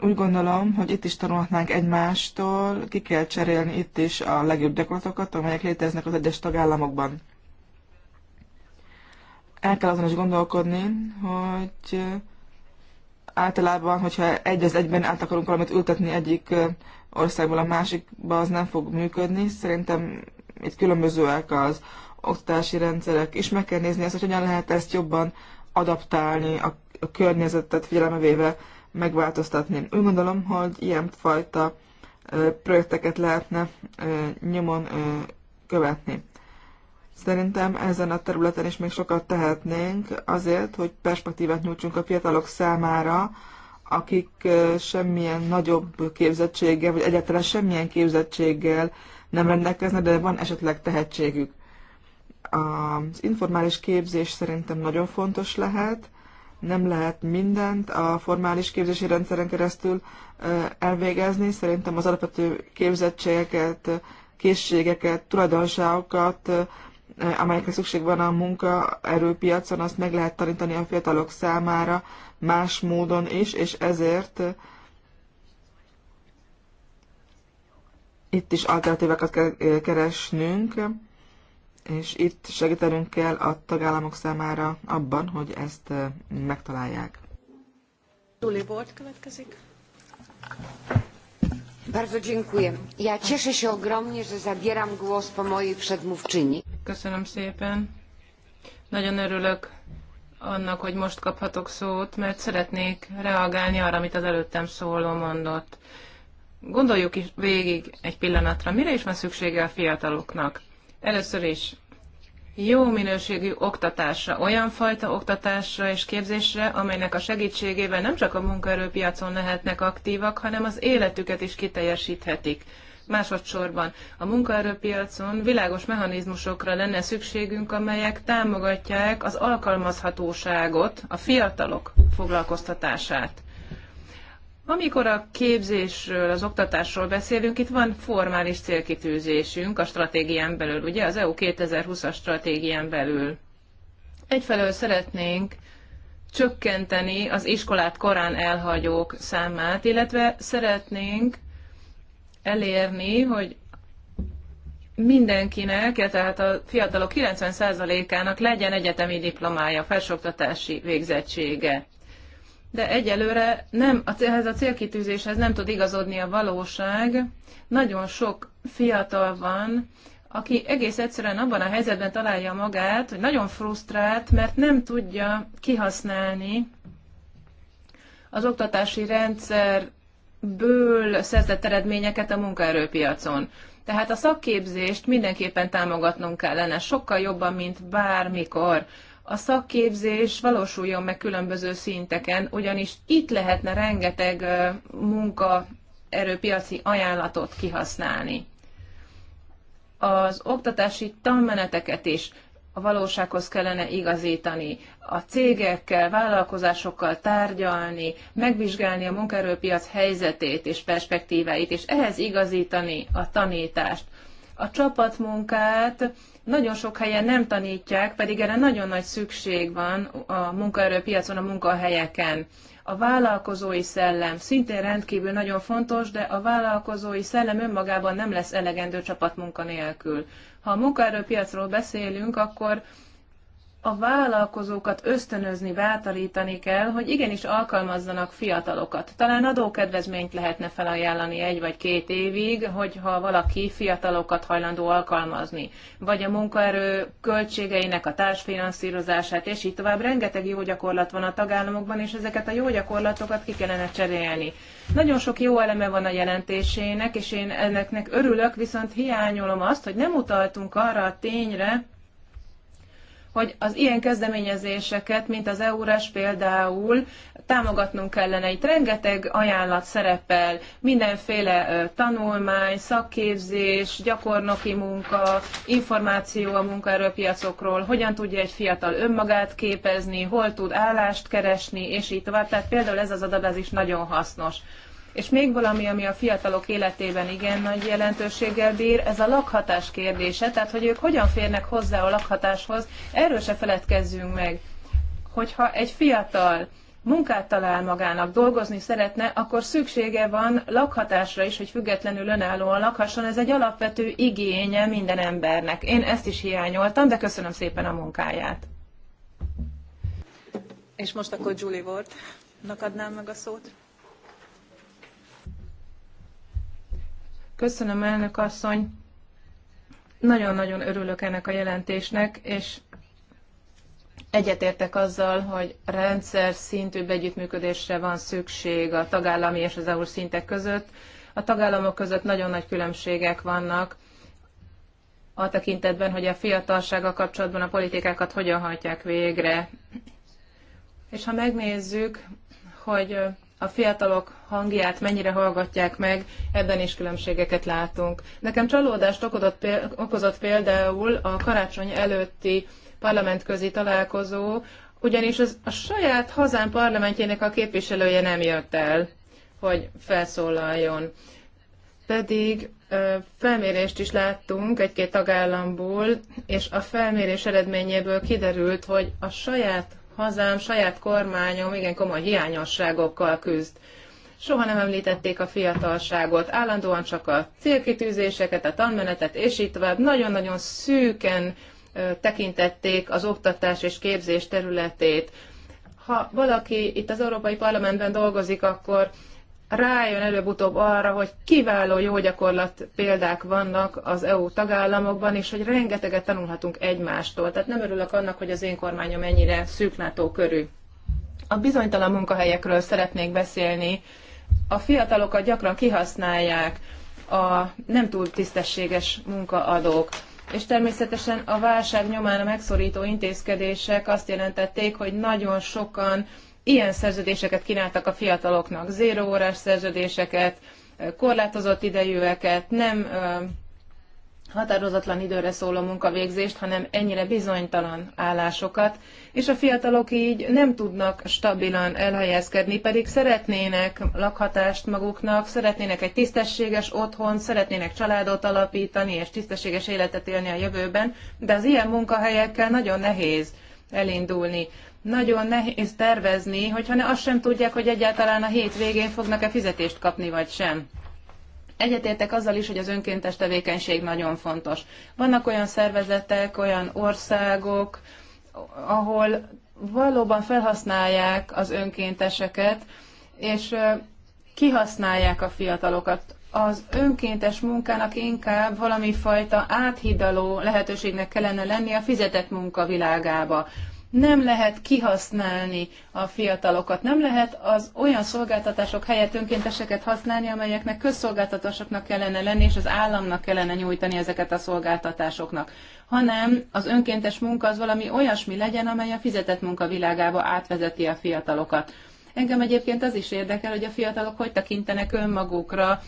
D: Úgy gondolom, hogy itt is tanulhatnánk egymástól, ki kell cserélni itt is a legjobb gyakorlatokat, amelyek léteznek az egyes tagállamokban. El kell azon is gondolkodni, hogy általában, hogyha egy az egyben át akarunk valamit ültetni egyik országból a másikba, az nem fog működni. Szerintem itt különbözőek az oktatási rendszerek, és meg kell nézni azt, hogy hogyan lehet ezt jobban adaptálni a környezetet figyelembe véve megváltoztatni. Úgy gondolom, hogy ilyenfajta projekteket lehetne nyomon követni. Szerintem ezen a területen is még sokat tehetnénk azért, hogy perspektívát nyújtsunk a fiatalok számára, akik semmilyen nagyobb képzettséggel, vagy egyáltalán semmilyen képzettséggel nem rendelkeznek, de van esetleg tehetségük. Az informális képzés szerintem nagyon fontos lehet, nem lehet mindent a formális képzési rendszeren keresztül elvégezni. Szerintem az alapvető képzettségeket, készségeket, tulajdonságokat, amelyekre szükség van a munkaerőpiacon, azt meg lehet tanítani a fiatalok számára más módon is, és ezért itt is alternatívákat kell keresnünk és itt segítenünk kell a tagállamok számára abban, hogy ezt megtalálják.
B: Tuli volt következik.
C: Bardzo dziękuję. Ja cieszę się ogromnie, że zabieram głos po mojej przedmówczyni.
B: Köszönöm szépen. Nagyon örülök annak, hogy most kaphatok szót, mert szeretnék reagálni arra, amit az előttem szóló mondott. Gondoljuk is végig egy pillanatra, mire is van szüksége a fiataloknak. Először is jó minőségű oktatásra, olyan fajta oktatásra és képzésre, amelynek a segítségével nem csak a munkaerőpiacon lehetnek aktívak, hanem az életüket is kiteljesíthetik. Másodszorban a munkaerőpiacon világos mechanizmusokra lenne szükségünk, amelyek támogatják az alkalmazhatóságot, a fiatalok foglalkoztatását. Amikor a képzésről, az oktatásról beszélünk, itt van formális célkitűzésünk a stratégián belül, ugye az EU 2020-as stratégián belül. Egyfelől szeretnénk csökkenteni az iskolát korán elhagyók számát, illetve szeretnénk elérni, hogy mindenkinek, tehát a fiatalok 90%-ának legyen egyetemi diplomája, felsőoktatási végzettsége de egyelőre nem, a ez a célkitűzéshez nem tud igazodni a valóság. Nagyon sok fiatal van, aki egész egyszerűen abban a helyzetben találja magát, hogy nagyon frusztrált, mert nem tudja kihasználni az oktatási rendszerből szerzett eredményeket a munkaerőpiacon. Tehát a szakképzést mindenképpen támogatnunk kellene, sokkal jobban, mint bármikor a szakképzés valósuljon meg különböző szinteken, ugyanis itt lehetne rengeteg munkaerőpiaci ajánlatot kihasználni. Az oktatási tanmeneteket is a valósághoz kellene igazítani, a cégekkel, vállalkozásokkal tárgyalni, megvizsgálni a munkaerőpiac helyzetét és perspektíváit, és ehhez igazítani a tanítást. A csapatmunkát nagyon sok helyen nem tanítják, pedig erre nagyon nagy szükség van a munkaerőpiacon, a munkahelyeken. A vállalkozói szellem szintén rendkívül nagyon fontos, de a vállalkozói szellem önmagában nem lesz elegendő csapatmunka nélkül. Ha a munkaerőpiacról beszélünk, akkor a vállalkozókat ösztönözni, bátorítani kell, hogy igenis alkalmazzanak fiatalokat. Talán adókedvezményt lehetne felajánlani egy vagy két évig, hogyha valaki fiatalokat hajlandó alkalmazni. Vagy a munkaerő költségeinek a társfinanszírozását, és így tovább. Rengeteg jó gyakorlat van a tagállamokban, és ezeket a jó gyakorlatokat ki kellene cserélni. Nagyon sok jó eleme van a jelentésének, és én ennek örülök, viszont hiányolom azt, hogy nem utaltunk arra a tényre, hogy az ilyen kezdeményezéseket, mint az EURES például, támogatnunk kellene. Itt rengeteg ajánlat szerepel, mindenféle tanulmány, szakképzés, gyakornoki munka, információ a munkaerőpiacokról, hogyan tudja egy fiatal önmagát képezni, hol tud állást keresni, és így tovább. Tehát például ez az adatbázis nagyon hasznos. És még valami, ami a fiatalok életében igen nagy jelentőséggel bír, ez a lakhatás kérdése, tehát hogy ők hogyan férnek hozzá a lakhatáshoz, erről se feledkezzünk meg. Hogyha egy fiatal munkát talál magának, dolgozni szeretne, akkor szüksége van lakhatásra is, hogy függetlenül önállóan lakhasson. Ez egy alapvető igénye minden embernek. Én ezt is hiányoltam, de köszönöm szépen a munkáját.
A: És most akkor Julie volt, adnám meg a szót.
B: Köszönöm, elnök asszony. Nagyon-nagyon örülök ennek a jelentésnek, és egyetértek azzal, hogy rendszer szintű együttműködésre van szükség a tagállami és az EU szintek között. A tagállamok között nagyon nagy különbségek vannak a tekintetben, hogy a fiatalsággal kapcsolatban a politikákat hogyan hajtják végre. És ha megnézzük, hogy a fiatalok hangját mennyire hallgatják meg, ebben is különbségeket látunk. Nekem csalódást okozott például a karácsony előtti parlamentközi találkozó, ugyanis az a saját hazán parlamentjének a képviselője nem jött el, hogy felszólaljon. Pedig felmérést is láttunk egy-két tagállamból, és a felmérés eredményéből kiderült, hogy a saját hazám, saját kormányom igen komoly hiányosságokkal küzd. Soha nem említették a fiatalságot, állandóan csak a célkitűzéseket, a tanmenetet, és így tovább. Nagyon-nagyon szűken tekintették az oktatás és képzés területét. Ha valaki itt az Európai Parlamentben dolgozik, akkor rájön előbb-utóbb arra, hogy kiváló jó gyakorlat példák vannak az EU tagállamokban, és hogy rengeteget tanulhatunk egymástól. Tehát nem örülök annak, hogy az én kormányom ennyire szűklátó körül. A bizonytalan munkahelyekről szeretnék beszélni. A fiatalokat gyakran kihasználják a nem túl tisztességes munkaadók. És természetesen a válság nyomán a megszorító intézkedések azt jelentették, hogy nagyon sokan ilyen szerződéseket kínáltak a fiataloknak, zéró órás szerződéseket, korlátozott idejűeket, nem határozatlan időre szóló munkavégzést, hanem ennyire bizonytalan állásokat, és a fiatalok így nem tudnak stabilan elhelyezkedni, pedig szeretnének lakhatást maguknak, szeretnének egy tisztességes otthont, szeretnének családot alapítani és tisztességes életet élni a jövőben, de az ilyen munkahelyekkel nagyon nehéz elindulni. Nagyon nehéz tervezni, hogyha ne azt sem tudják, hogy egyáltalán a végén fognak-e fizetést kapni, vagy sem. Egyetértek azzal is, hogy az önkéntes tevékenység nagyon fontos. Vannak olyan szervezetek, olyan országok, ahol valóban felhasználják az önkénteseket, és kihasználják a fiatalokat az önkéntes munkának inkább valami fajta áthidaló lehetőségnek kellene lenni a fizetett munka világába. Nem lehet kihasználni a fiatalokat, nem lehet az olyan szolgáltatások helyett önkénteseket használni, amelyeknek közszolgáltatásoknak kellene lenni, és az államnak kellene nyújtani ezeket a szolgáltatásoknak, hanem az önkéntes munka az valami olyasmi legyen, amely a fizetett munka világába átvezeti a fiatalokat. Engem egyébként az is érdekel, hogy a fiatalok hogy tekintenek önmagukra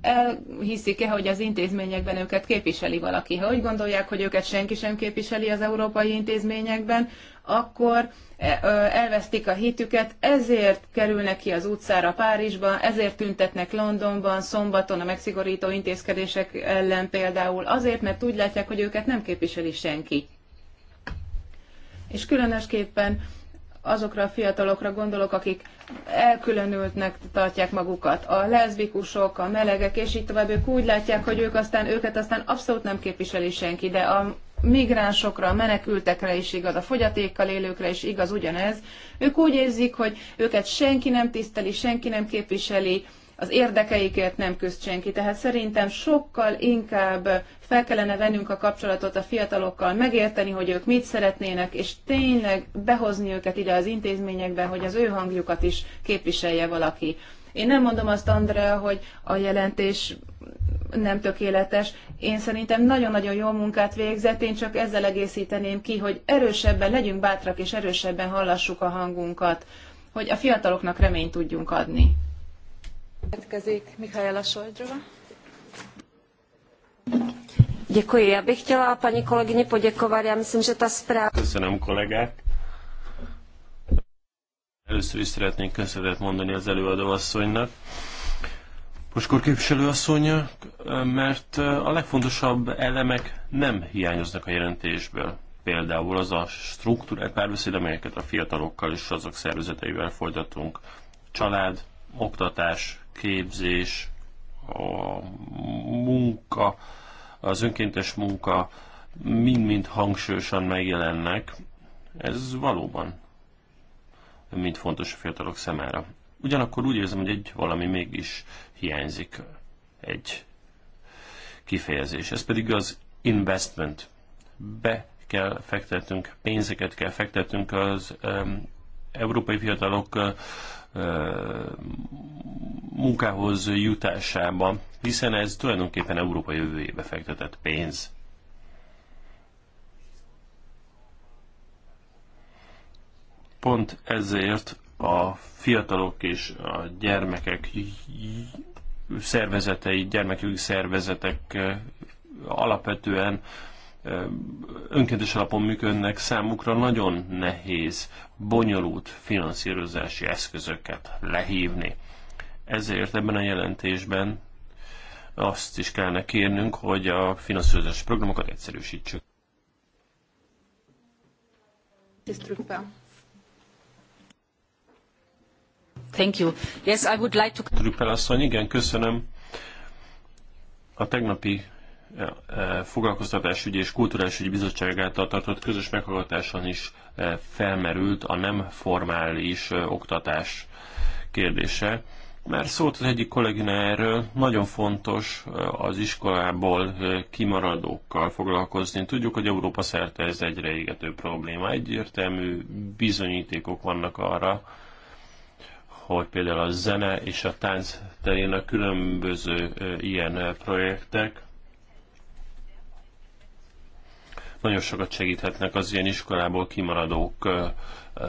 B: elhiszik-e, hogy az intézményekben őket képviseli valaki. Ha úgy gondolják, hogy őket senki sem képviseli az európai intézményekben, akkor e, elvesztik a hitüket, ezért kerülnek ki az utcára Párizsban, ezért tüntetnek Londonban, szombaton a megszigorító intézkedések ellen például, azért, mert úgy látják, hogy őket nem képviseli senki. És különösképpen azokra a fiatalokra gondolok, akik elkülönültnek tartják magukat, a leszbikusok, a melegek, és így tovább, ők úgy látják, hogy ők aztán, őket aztán abszolút nem képviseli senki, de a migránsokra, a menekültekre is igaz, a fogyatékkal élőkre is igaz ugyanez. Ők úgy érzik, hogy őket senki nem tiszteli, senki nem képviseli, az érdekeikért nem küzd senki. Tehát szerintem sokkal inkább fel kellene vennünk a kapcsolatot a fiatalokkal, megérteni, hogy ők mit szeretnének, és tényleg behozni őket ide az intézményekbe, hogy az ő hangjukat is képviselje valaki. Én nem mondom azt, Andrea, hogy a jelentés nem tökéletes. Én szerintem nagyon-nagyon jó munkát végzett, én csak ezzel egészíteném ki, hogy erősebben legyünk bátrak, és erősebben hallassuk a hangunkat, hogy a fiataloknak reményt tudjunk adni. Děkuji. Já bych chtěla paní kolegyni poděkovat. Já myslím, že ta zpráva...
C: Köszönöm kollégák. Először is szeretnék köszönetet mondani az előadóasszonynak. Poskor képviselőasszony, mert a legfontosabb elemek nem hiányoznak a jelentésből. Például az a struktúrák párbeszéd, amelyeket a fiatalokkal és azok szervezeteivel folytatunk. Család, oktatás, képzés, a munka, az önkéntes munka mind-mind hangsúlyosan megjelennek. Ez valóban mind fontos a fiatalok számára. Ugyanakkor úgy érzem, hogy egy valami mégis hiányzik, egy kifejezés. Ez pedig az investment. Be kell fektetnünk, pénzeket kell fektetnünk az um, európai fiatalok munkához jutásában, hiszen ez tulajdonképpen Európa jövőjébe fektetett pénz. Pont ezért a fiatalok és a gyermekek szervezetei, gyermekjogi szervezetek alapvetően önkéntes alapon működnek, számukra nagyon nehéz, bonyolult finanszírozási eszközöket lehívni. Ezért ebben a jelentésben azt is kellene kérnünk, hogy a finanszírozási programokat egyszerűsítsük.
B: Thank you. Yes, I would like to...
C: Trüppel asszony, igen, köszönöm. A tegnapi foglalkoztatásügyi és kulturálisügyi bizottság által tartott közös meghallgatáson is felmerült a nem formális oktatás kérdése. Már szólt az egyik kollégina erről, nagyon fontos az iskolából kimaradókkal foglalkozni. Tudjuk, hogy Európa szerte ez egyre égető probléma. Egyértelmű bizonyítékok vannak arra, hogy például a zene és a tánc terén a különböző ilyen projektek nagyon sokat segíthetnek az ilyen iskolából kimaradók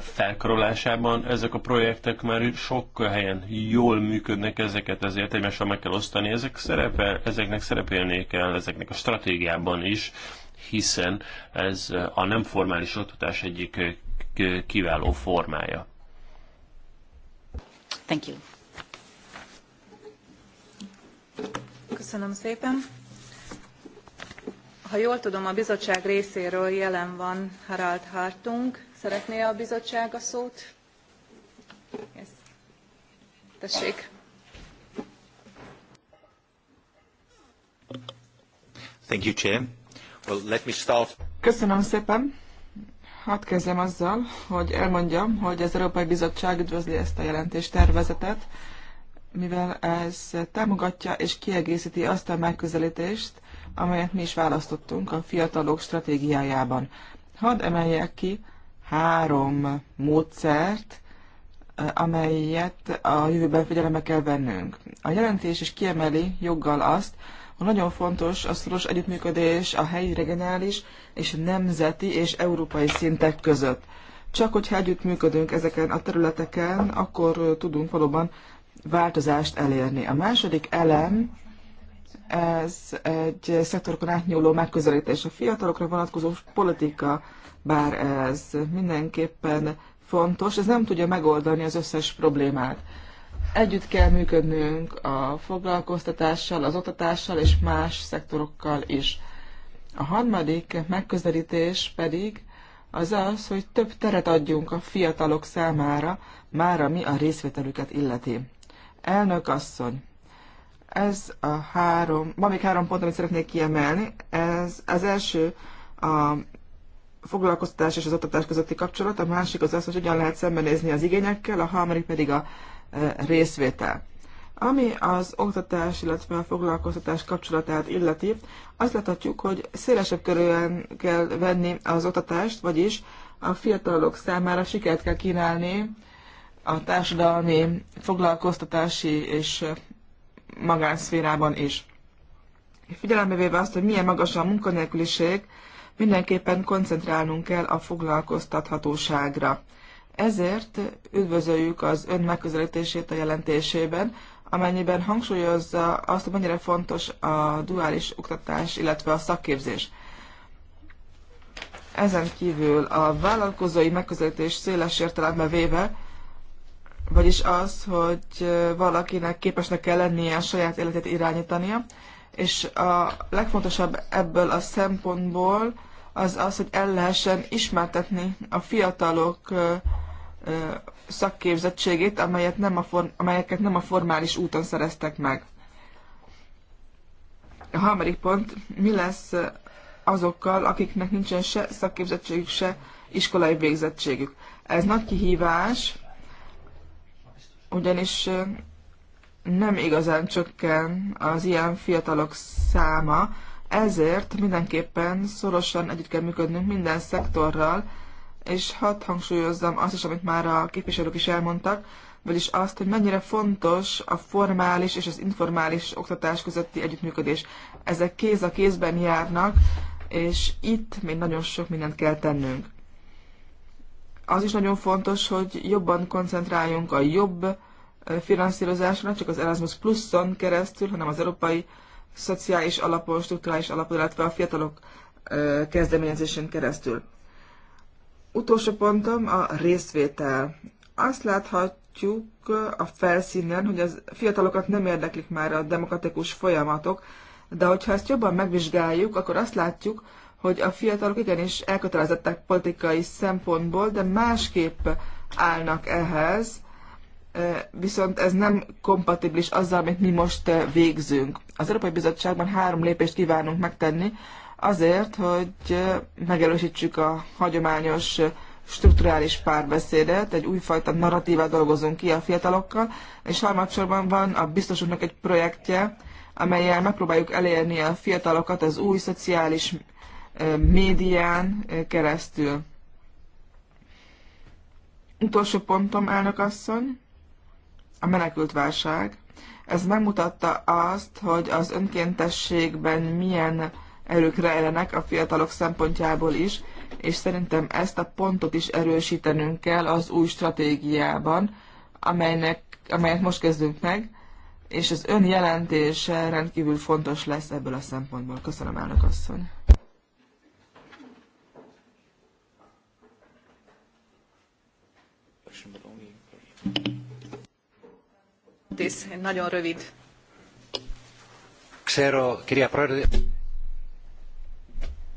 C: felkarolásában. Ezek a projektek már sok helyen jól működnek, ezeket ezért egymással meg kell osztani. Ezek szerepe, ezeknek szerepelnie kell, ezeknek a stratégiában is, hiszen ez a nem formális oktatás egyik kiváló formája.
B: Thank you.
A: Köszönöm szépen ha jól tudom, a bizottság részéről jelen van Harald Hartung. Szeretné a bizottság a szót? Yes. Tessék.
C: Thank you, Chair. Well, let me start.
D: Köszönöm szépen. Hadd kezdjem azzal, hogy elmondjam, hogy az Európai Bizottság üdvözli ezt a jelentéstervezetet, mivel ez támogatja és kiegészíti azt a megközelítést, amelyet mi is választottunk a fiatalok stratégiájában. Hadd emeljek ki három módszert, amelyet a jövőben figyelembe kell vennünk. A jelentés is kiemeli joggal azt, hogy nagyon fontos a szoros együttműködés a helyi, regionális és nemzeti és európai szintek között. Csak hogyha együttműködünk ezeken a területeken, akkor tudunk valóban változást elérni. A második elem ez egy szektorokon átnyúló megközelítés. A fiatalokra vonatkozó politika, bár ez mindenképpen fontos, ez nem tudja megoldani az összes problémát. Együtt kell működnünk a foglalkoztatással, az oktatással és más szektorokkal is. A harmadik megközelítés pedig az az, hogy több teret adjunk a fiatalok számára, már ami a részvételüket illeti. Elnök asszony, ez a három, van még három pont, amit szeretnék kiemelni. Ez az első a foglalkoztatás és az oktatás közötti kapcsolat, a másik az az, hogy hogyan lehet szembenézni az igényekkel, a harmadik pedig a e, részvétel. Ami az oktatás, illetve a foglalkoztatás kapcsolatát illeti, azt láthatjuk, hogy szélesebb körülön kell venni az oktatást, vagyis a fiatalok számára sikert kell kínálni a társadalmi foglalkoztatási és magánszférában is. Figyelembe véve azt, hogy milyen magas a munkanélküliség, mindenképpen koncentrálnunk kell a foglalkoztathatóságra. Ezért üdvözöljük az ön megközelítését a jelentésében, amennyiben hangsúlyozza azt, hogy mennyire fontos a duális oktatás, illetve a szakképzés. Ezen kívül a vállalkozói megközelítés széles értelemben véve vagyis az, hogy valakinek képesnek kell lennie a saját életét irányítania, és a legfontosabb ebből a szempontból az az, hogy el lehessen ismertetni a fiatalok szakképzettségét, amelyet nem a for, amelyeket nem a formális úton szereztek meg. A harmadik pont, mi lesz azokkal, akiknek nincsen se szakképzettségük, se iskolai végzettségük. Ez nagy kihívás, ugyanis nem igazán csökken az ilyen fiatalok száma, ezért mindenképpen szorosan együtt kell működnünk minden szektorral, és hadd hangsúlyozzam azt is, amit már a képviselők is elmondtak, vagyis azt, hogy mennyire fontos a formális és az informális oktatás közötti együttműködés. Ezek kéz a kézben járnak, és itt még nagyon sok mindent kell tennünk az is nagyon fontos, hogy jobban koncentráljunk a jobb finanszírozásra, csak az Erasmus Plus-on keresztül, hanem az Európai Szociális Alapon, Strukturális Alapon, illetve a fiatalok kezdeményezésén keresztül. Utolsó pontom a részvétel. Azt láthatjuk a felszínen, hogy az fiatalokat nem érdeklik már a demokratikus folyamatok, de hogyha ezt jobban megvizsgáljuk, akkor azt látjuk, hogy a fiatalok igenis elkötelezettek politikai szempontból, de másképp állnak ehhez, viszont ez nem kompatibilis azzal, amit mi most végzünk. Az Európai Bizottságban három lépést kívánunk megtenni azért, hogy megerősítsük a hagyományos strukturális párbeszédet, egy újfajta narratívát dolgozunk ki a fiatalokkal, és harmadsorban van a biztosunknak egy projektje, amelyel megpróbáljuk elérni a fiatalokat az új szociális médián keresztül. Utolsó pontom, elnök asszony, a menekült válság. Ez megmutatta azt, hogy az önkéntességben milyen erők rejlenek a fiatalok szempontjából is, és szerintem ezt a pontot is erősítenünk kell az új stratégiában, amelynek, amelyet most kezdünk meg, és az ön jelentése rendkívül fontos lesz ebből a szempontból. Köszönöm, elnök asszony!
B: nagyon rövid.
C: Ξέρω, κυρία Πρόεδρε,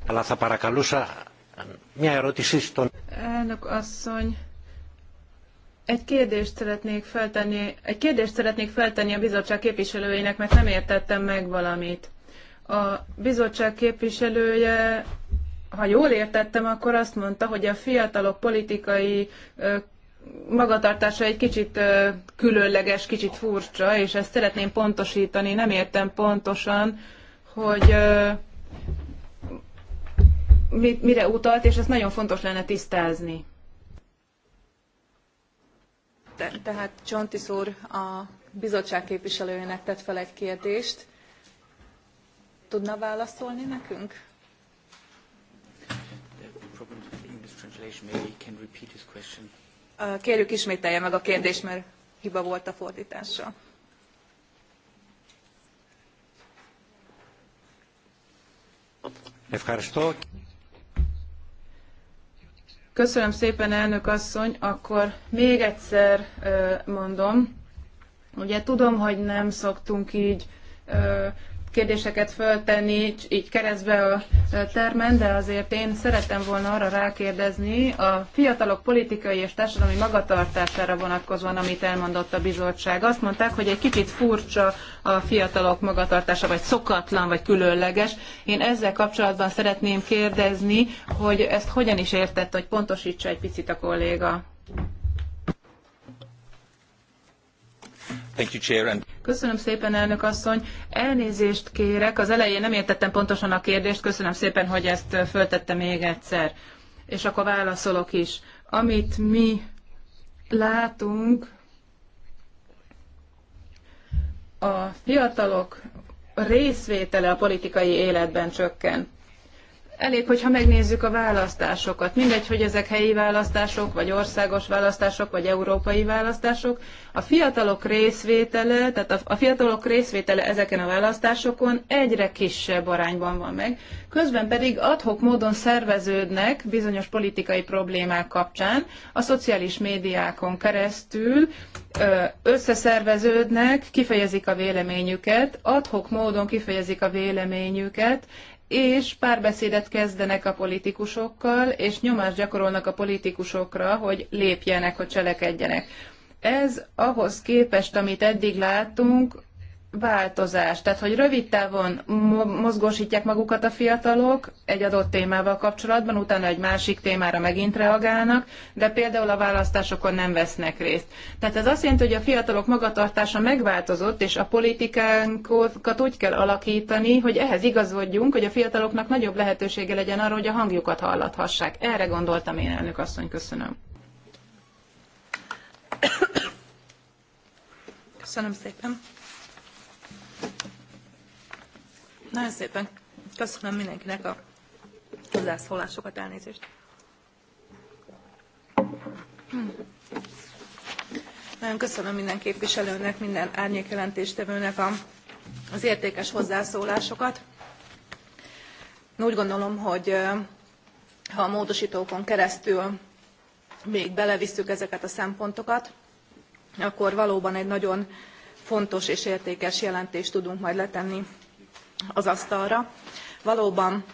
C: αλλά θα παρακαλούσα μια ερώτηση στον...
B: Elnök asszony, egy kérdést szeretnék feltenni, egy kérdést szeretnék feltenni a bizottság képviselőjének, mert nem értettem meg valamit. A bizottság képviselője, ha jól értettem, akkor azt mondta, hogy a fiatalok politikai magatartása egy kicsit különleges, kicsit furcsa, és ezt szeretném pontosítani. Nem értem pontosan, hogy mire utalt, és ezt nagyon fontos lenne tisztázni.
A: Te, tehát Csontis úr a bizottság képviselőjének tett fel egy kérdést. Tudna válaszolni nekünk?
D: maybe he can repeat his question.
A: Kérjük ismételje meg a kérdést, mert hiba volt a fordítással.
B: Köszönöm szépen, elnök asszony. Akkor még egyszer mondom, ugye tudom, hogy nem szoktunk így kérdéseket föltenni így keresztbe a termen, de azért én szerettem volna arra rákérdezni a fiatalok politikai és társadalmi magatartására vonatkozóan, amit elmondott a bizottság. Azt mondták, hogy egy kicsit furcsa a fiatalok magatartása, vagy szokatlan, vagy különleges. Én ezzel kapcsolatban szeretném kérdezni, hogy ezt hogyan is értett, hogy pontosítsa egy picit a kolléga.
D: Thank you, Chair. And
B: Köszönöm szépen, elnök asszony. Elnézést kérek, az elején nem értettem pontosan a kérdést, köszönöm szépen, hogy ezt föltette még egyszer. És akkor válaszolok is. Amit mi látunk, a fiatalok részvétele a politikai életben csökken. Elég, hogyha megnézzük a választásokat. Mindegy, hogy ezek helyi választások, vagy országos választások, vagy európai választások. A fiatalok részvétele, tehát a fiatalok részvétele ezeken a választásokon egyre kisebb arányban van meg. Közben pedig adhok módon szerveződnek bizonyos politikai problémák kapcsán, a szociális médiákon keresztül összeszerveződnek, kifejezik a véleményüket, adhok módon kifejezik a véleményüket, és párbeszédet kezdenek a politikusokkal, és nyomást gyakorolnak a politikusokra, hogy lépjenek, hogy cselekedjenek. Ez ahhoz képest, amit eddig látunk, változás, tehát hogy rövid távon mozgósítják magukat a fiatalok egy adott témával kapcsolatban, utána egy másik témára megint reagálnak, de például a választásokon nem vesznek részt. Tehát ez azt jelenti, hogy a fiatalok magatartása megváltozott, és a politikánkat úgy kell alakítani, hogy ehhez igazodjunk, hogy a fiataloknak nagyobb lehetősége legyen arra, hogy a hangjukat hallathassák. Erre gondoltam én, elnök asszony, köszönöm.
A: Köszönöm szépen. Nagyon szépen köszönöm mindenkinek a hozzászólásokat, elnézést. Nagyon köszönöm minden képviselőnek, minden árnyékjelentéstevőnek az értékes hozzászólásokat. Úgy gondolom, hogy ha a módosítókon keresztül még belevisszük ezeket a szempontokat, akkor valóban egy nagyon fontos és értékes jelentést tudunk majd letenni az asztalra. Valóban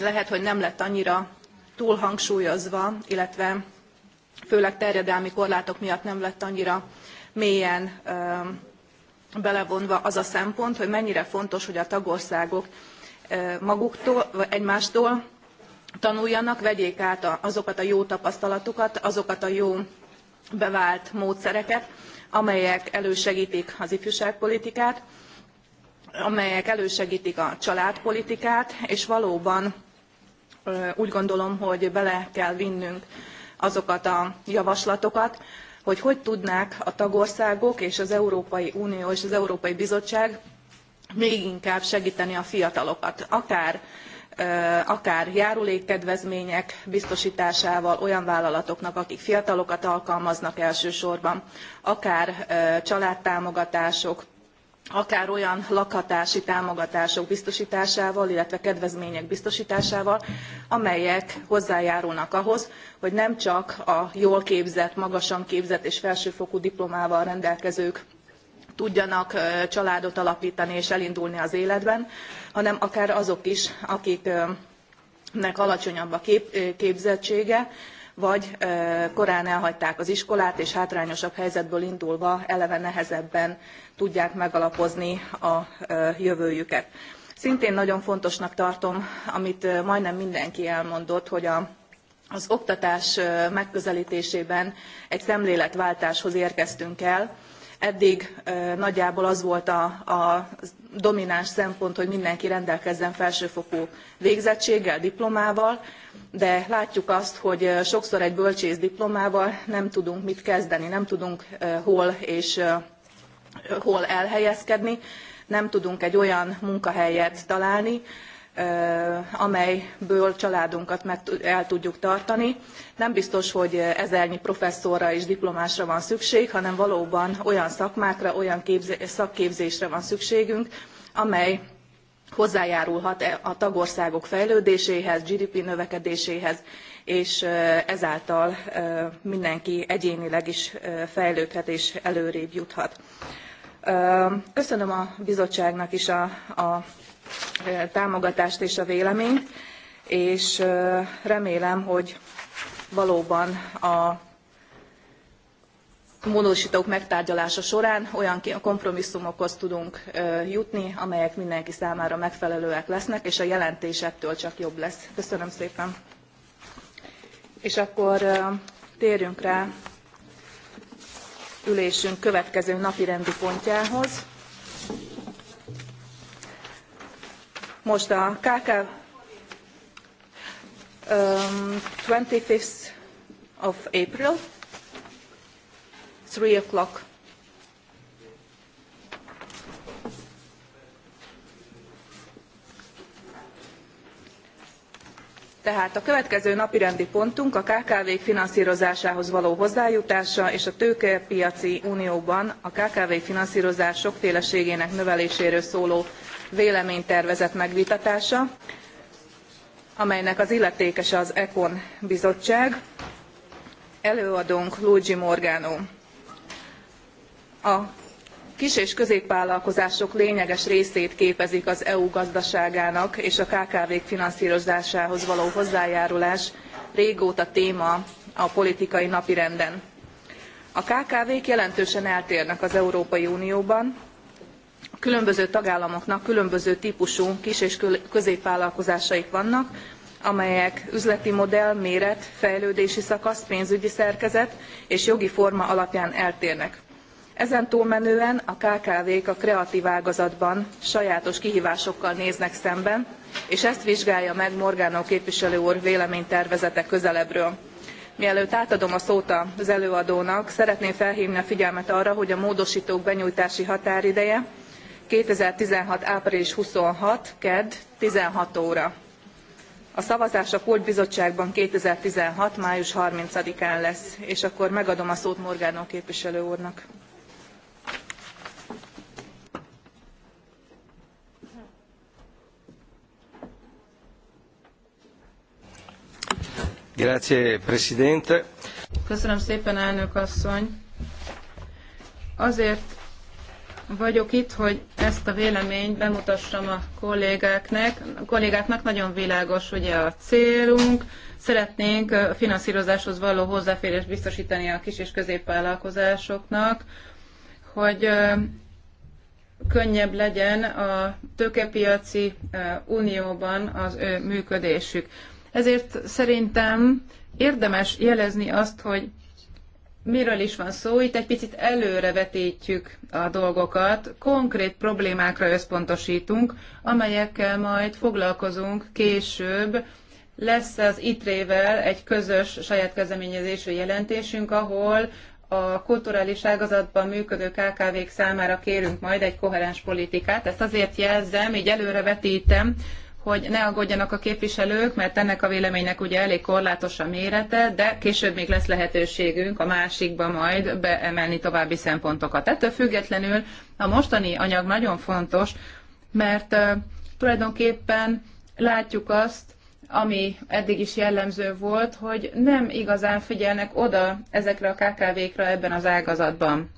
A: lehet, hogy nem lett annyira hangsúlyozva, illetve főleg terjedelmi korlátok miatt nem lett annyira mélyen belevonva az a szempont, hogy mennyire fontos, hogy a tagországok maguktól, vagy egymástól tanuljanak, vegyék át azokat a jó tapasztalatokat, azokat a jó bevált módszereket, amelyek elősegítik az ifjúságpolitikát, amelyek elősegítik a családpolitikát, és valóban úgy gondolom, hogy bele kell vinnünk azokat a javaslatokat, hogy hogy tudnák a tagországok és az Európai Unió és az Európai Bizottság még inkább segíteni a fiatalokat, akár akár járulékkedvezmények biztosításával olyan vállalatoknak, akik fiatalokat alkalmaznak elsősorban, akár családtámogatások, akár olyan lakhatási támogatások biztosításával, illetve kedvezmények biztosításával, amelyek hozzájárulnak ahhoz, hogy nem csak a jól képzett, magasan képzett és felsőfokú diplomával rendelkezők tudjanak családot alapítani és elindulni az életben, hanem akár azok is, akiknek alacsonyabb a kép, képzettsége, vagy korán elhagyták az iskolát, és hátrányosabb helyzetből indulva eleve nehezebben tudják megalapozni a jövőjüket. Szintén nagyon fontosnak tartom, amit majdnem mindenki elmondott, hogy a az oktatás megközelítésében egy szemléletváltáshoz érkeztünk el, eddig nagyjából az volt a, a domináns szempont, hogy mindenki rendelkezzen felsőfokú végzettséggel, diplomával, de látjuk azt, hogy sokszor egy bölcsész diplomával nem tudunk mit kezdeni, nem tudunk hol és hol elhelyezkedni, nem tudunk egy olyan munkahelyet találni, amelyből családunkat meg el tudjuk tartani. Nem biztos, hogy ezernyi professzorra és diplomásra van szükség, hanem valóban olyan szakmákra, olyan szakképzésre van szükségünk, amely hozzájárulhat e, a tagországok fejlődéséhez, GDP növekedéséhez, és ezáltal mindenki egyénileg is fejlődhet és előrébb juthat. Köszönöm a bizottságnak is a, a támogatást és a véleményt, és remélem, hogy valóban a módosítók megtárgyalása során olyan kompromisszumokhoz tudunk jutni, amelyek mindenki számára megfelelőek lesznek, és a jelentés ettől csak jobb lesz. Köszönöm szépen. És akkor térjünk rá ülésünk következő napirendi pontjához. Most a KKV um, 25th of April, 3 o'clock. Tehát a következő napirendi pontunk a KKV-k finanszírozásához való hozzájutása és a tőkepiaci unióban a KKV finanszírozás sokféleségének növeléséről szóló véleménytervezet megvitatása, amelynek az illetékese az ECON bizottság. Előadónk Luigi Morgano. A kis és középvállalkozások lényeges részét képezik az EU gazdaságának és a KKV-k finanszírozásához való hozzájárulás régóta téma a politikai napirenden. A KKV-k jelentősen eltérnek az Európai Unióban, különböző tagállamoknak különböző típusú kis és középvállalkozásaik vannak, amelyek üzleti modell, méret, fejlődési szakasz, pénzügyi szerkezet és jogi forma alapján eltérnek. Ezen túlmenően a KKV-k a kreatív ágazatban sajátos kihívásokkal néznek szemben, és ezt vizsgálja meg Morgánó képviselő úr véleménytervezete közelebbről. Mielőtt átadom a szót az előadónak, szeretném felhívni a figyelmet arra, hogy a módosítók benyújtási határideje 2016. április 26. KED 16 óra. A szavazás a Kult Bizottságban 2016. május 30-án lesz, és akkor megadom a szót Morgánó képviselő úrnak.
D: Grazie, Presidente.
B: Köszönöm szépen, elnök asszony. Azért vagyok itt, hogy ezt a véleményt bemutassam a kollégáknak. A kollégáknak nagyon világos ugye a célunk. Szeretnénk a finanszírozáshoz való hozzáférést biztosítani a kis és középvállalkozásoknak, hogy könnyebb legyen a tőkepiaci unióban az ő működésük. Ezért szerintem érdemes jelezni azt, hogy miről is van szó, itt egy picit előrevetítjük a dolgokat, konkrét problémákra összpontosítunk, amelyekkel majd foglalkozunk később. Lesz az ITRÉ-vel egy közös saját kezdeményezésű jelentésünk, ahol a kulturális ágazatban működő KKV-k számára kérünk majd egy koherens politikát. Ezt azért jelzem, így előrevetítem, hogy ne aggódjanak a képviselők, mert ennek a véleménynek ugye elég korlátos a mérete, de később még lesz lehetőségünk a másikba majd beemelni további szempontokat. Ettől függetlenül a mostani anyag nagyon fontos, mert tulajdonképpen látjuk azt, ami eddig is jellemző volt, hogy nem igazán figyelnek oda ezekre a KKV-kra ebben az ágazatban.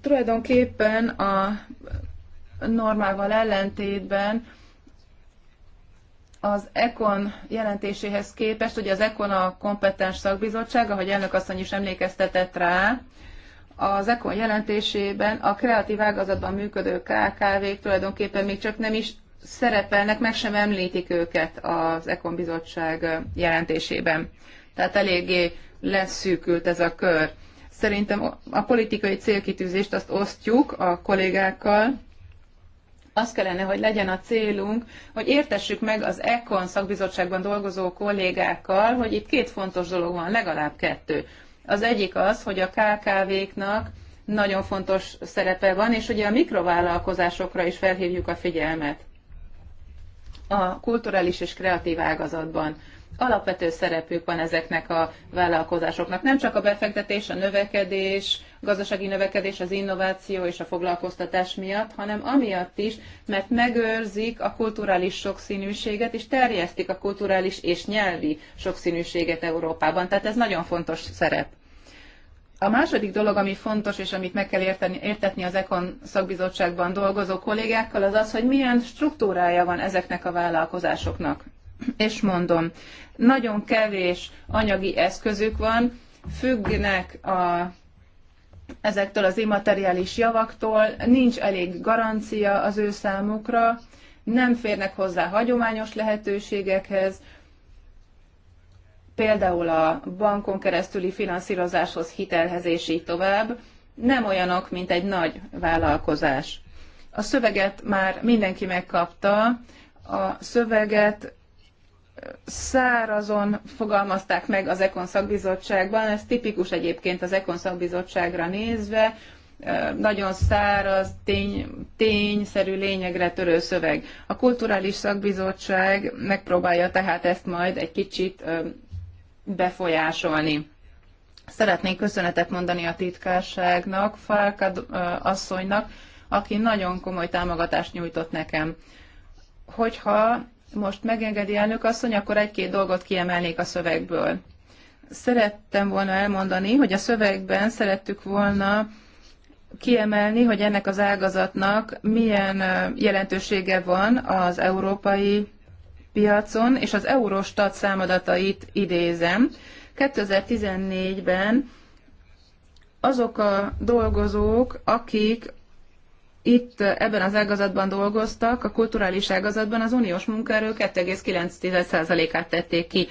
B: Tulajdonképpen a normával ellentétben az ECON jelentéséhez képest, ugye az ECON a kompetens szakbizottság, ahogy elnök asszony is emlékeztetett rá, az ECON jelentésében a kreatív ágazatban működő KKV-k tulajdonképpen még csak nem is szerepelnek, meg sem említik őket az ECON bizottság jelentésében. Tehát eléggé leszűkült ez a kör. Szerintem a politikai célkitűzést azt osztjuk a kollégákkal, az kellene, hogy legyen a célunk, hogy értessük meg az ECON szakbizottságban dolgozó kollégákkal, hogy itt két fontos dolog van, legalább kettő. Az egyik az, hogy a KKV-knak nagyon fontos szerepe van, és ugye a mikrovállalkozásokra is felhívjuk a figyelmet a kulturális és kreatív ágazatban. Alapvető szerepük van ezeknek a vállalkozásoknak. Nem csak a befektetés, a növekedés, gazdasági növekedés, az innováció és a foglalkoztatás miatt, hanem amiatt is, mert megőrzik a kulturális sokszínűséget, és terjesztik a kulturális és nyelvi sokszínűséget Európában. Tehát ez nagyon fontos szerep. A második dolog, ami fontos, és amit meg kell érteni, értetni az Ekon szakbizottságban dolgozó kollégákkal, az az, hogy milyen struktúrája van ezeknek a vállalkozásoknak. És mondom, nagyon kevés anyagi eszközük van, függnek a ezektől az immateriális javaktól, nincs elég garancia az ő számukra, nem férnek hozzá hagyományos lehetőségekhez, például a bankon keresztüli finanszírozáshoz, hitelhez és így tovább, nem olyanok, mint egy nagy vállalkozás. A szöveget már mindenki megkapta, a szöveget szárazon fogalmazták meg az Ekon szakbizottságban, ez tipikus egyébként az Ekon szakbizottságra nézve, nagyon száraz, tény, tényszerű, lényegre törő szöveg. A kulturális szakbizottság megpróbálja tehát ezt majd egy kicsit befolyásolni. Szeretnék köszönetet mondani a titkárságnak, Falkad asszonynak, aki nagyon komoly támogatást nyújtott nekem. Hogyha most megengedi elnök asszony, akkor egy-két dolgot kiemelnék a szövegből. Szerettem volna elmondani, hogy a szövegben szerettük volna kiemelni, hogy ennek az ágazatnak milyen jelentősége van az európai piacon, és az Eurostat számadatait idézem. 2014-ben azok a dolgozók, akik itt eh, ebben az ágazatban dolgoztak, a kulturális ágazatban az uniós munkaerő 2,9%-át tették ki.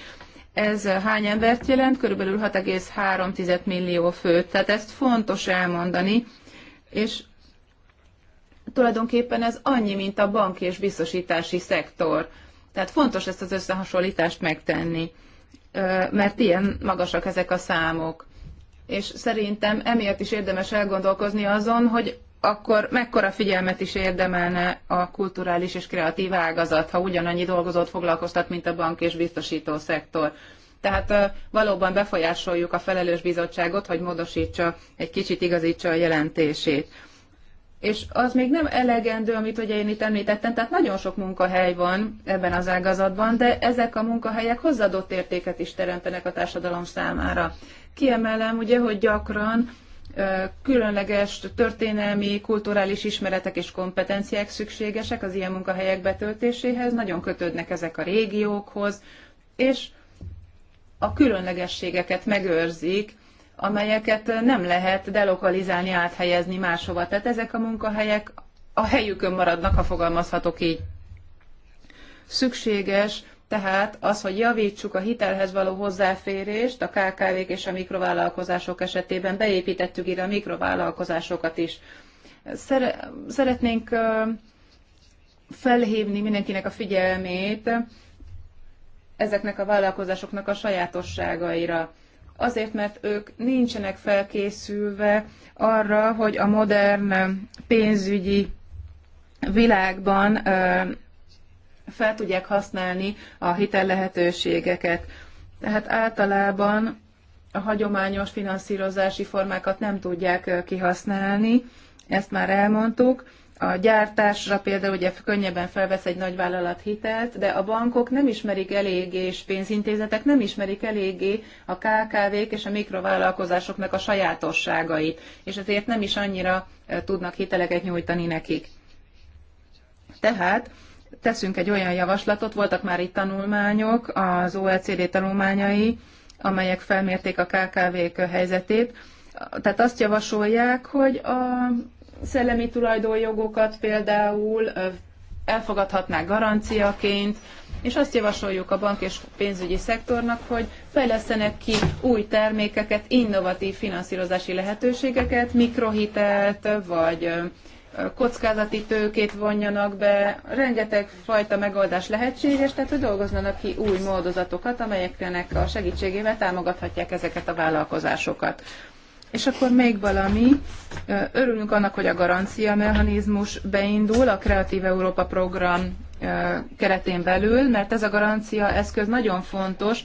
B: Ez eh, hány embert jelent? Körülbelül 6,3 millió főt. Tehát ezt fontos elmondani, és tulajdonképpen ez annyi, mint a banki és biztosítási szektor. Tehát fontos ezt az összehasonlítást megtenni, eh, mert ilyen magasak ezek a számok. És szerintem emiatt is érdemes elgondolkozni azon, hogy akkor mekkora figyelmet is érdemelne a kulturális és kreatív ágazat, ha ugyanannyi dolgozót foglalkoztat, mint a bank és biztosító szektor. Tehát valóban befolyásoljuk a felelős bizottságot, hogy módosítsa, egy kicsit igazítsa a jelentését. És az még nem elegendő, amit ugye én itt említettem, tehát nagyon sok munkahely van ebben az ágazatban, de ezek a munkahelyek hozzáadott értéket is teremtenek a társadalom számára. Kiemelem ugye, hogy gyakran különleges történelmi, kulturális ismeretek és kompetenciák szükségesek az ilyen munkahelyek betöltéséhez, nagyon kötődnek ezek a régiókhoz, és a különlegességeket megőrzik, amelyeket nem lehet delokalizálni, áthelyezni máshova. Tehát ezek a munkahelyek a helyükön maradnak, ha fogalmazhatok így. Szükséges tehát az, hogy javítsuk a hitelhez való hozzáférést a KKV-k és a mikrovállalkozások esetében, beépítettük ide a mikrovállalkozásokat is. Szeretnénk felhívni mindenkinek a figyelmét ezeknek a vállalkozásoknak a sajátosságaira azért, mert ők nincsenek felkészülve arra, hogy a modern pénzügyi világban fel tudják használni a hitel lehetőségeket. Tehát általában a hagyományos finanszírozási formákat nem tudják kihasználni, ezt már elmondtuk. A gyártásra például ugye könnyebben felvesz egy nagyvállalat hitelt, de a bankok nem ismerik eléggé, és pénzintézetek nem ismerik eléggé a KKV-k és a mikrovállalkozásoknak a sajátosságait, és ezért nem is annyira tudnak hiteleket nyújtani nekik. Tehát teszünk egy olyan javaslatot, voltak már itt tanulmányok, az OECD tanulmányai, amelyek felmérték a KKV-k helyzetét. Tehát azt javasolják, hogy a szellemi tulajdonjogokat például elfogadhatnák garanciaként, és azt javasoljuk a bank és pénzügyi szektornak, hogy fejlesztenek ki új termékeket, innovatív finanszírozási lehetőségeket, mikrohitelt, vagy kockázati tőkét vonjanak be, rengeteg fajta megoldás lehetséges, tehát hogy dolgoznanak ki új módozatokat, amelyeknek a segítségével támogathatják ezeket a vállalkozásokat. És akkor még valami, örülünk annak, hogy a garancia mechanizmus beindul a Kreatív Európa program keretén belül, mert ez a garancia eszköz nagyon fontos,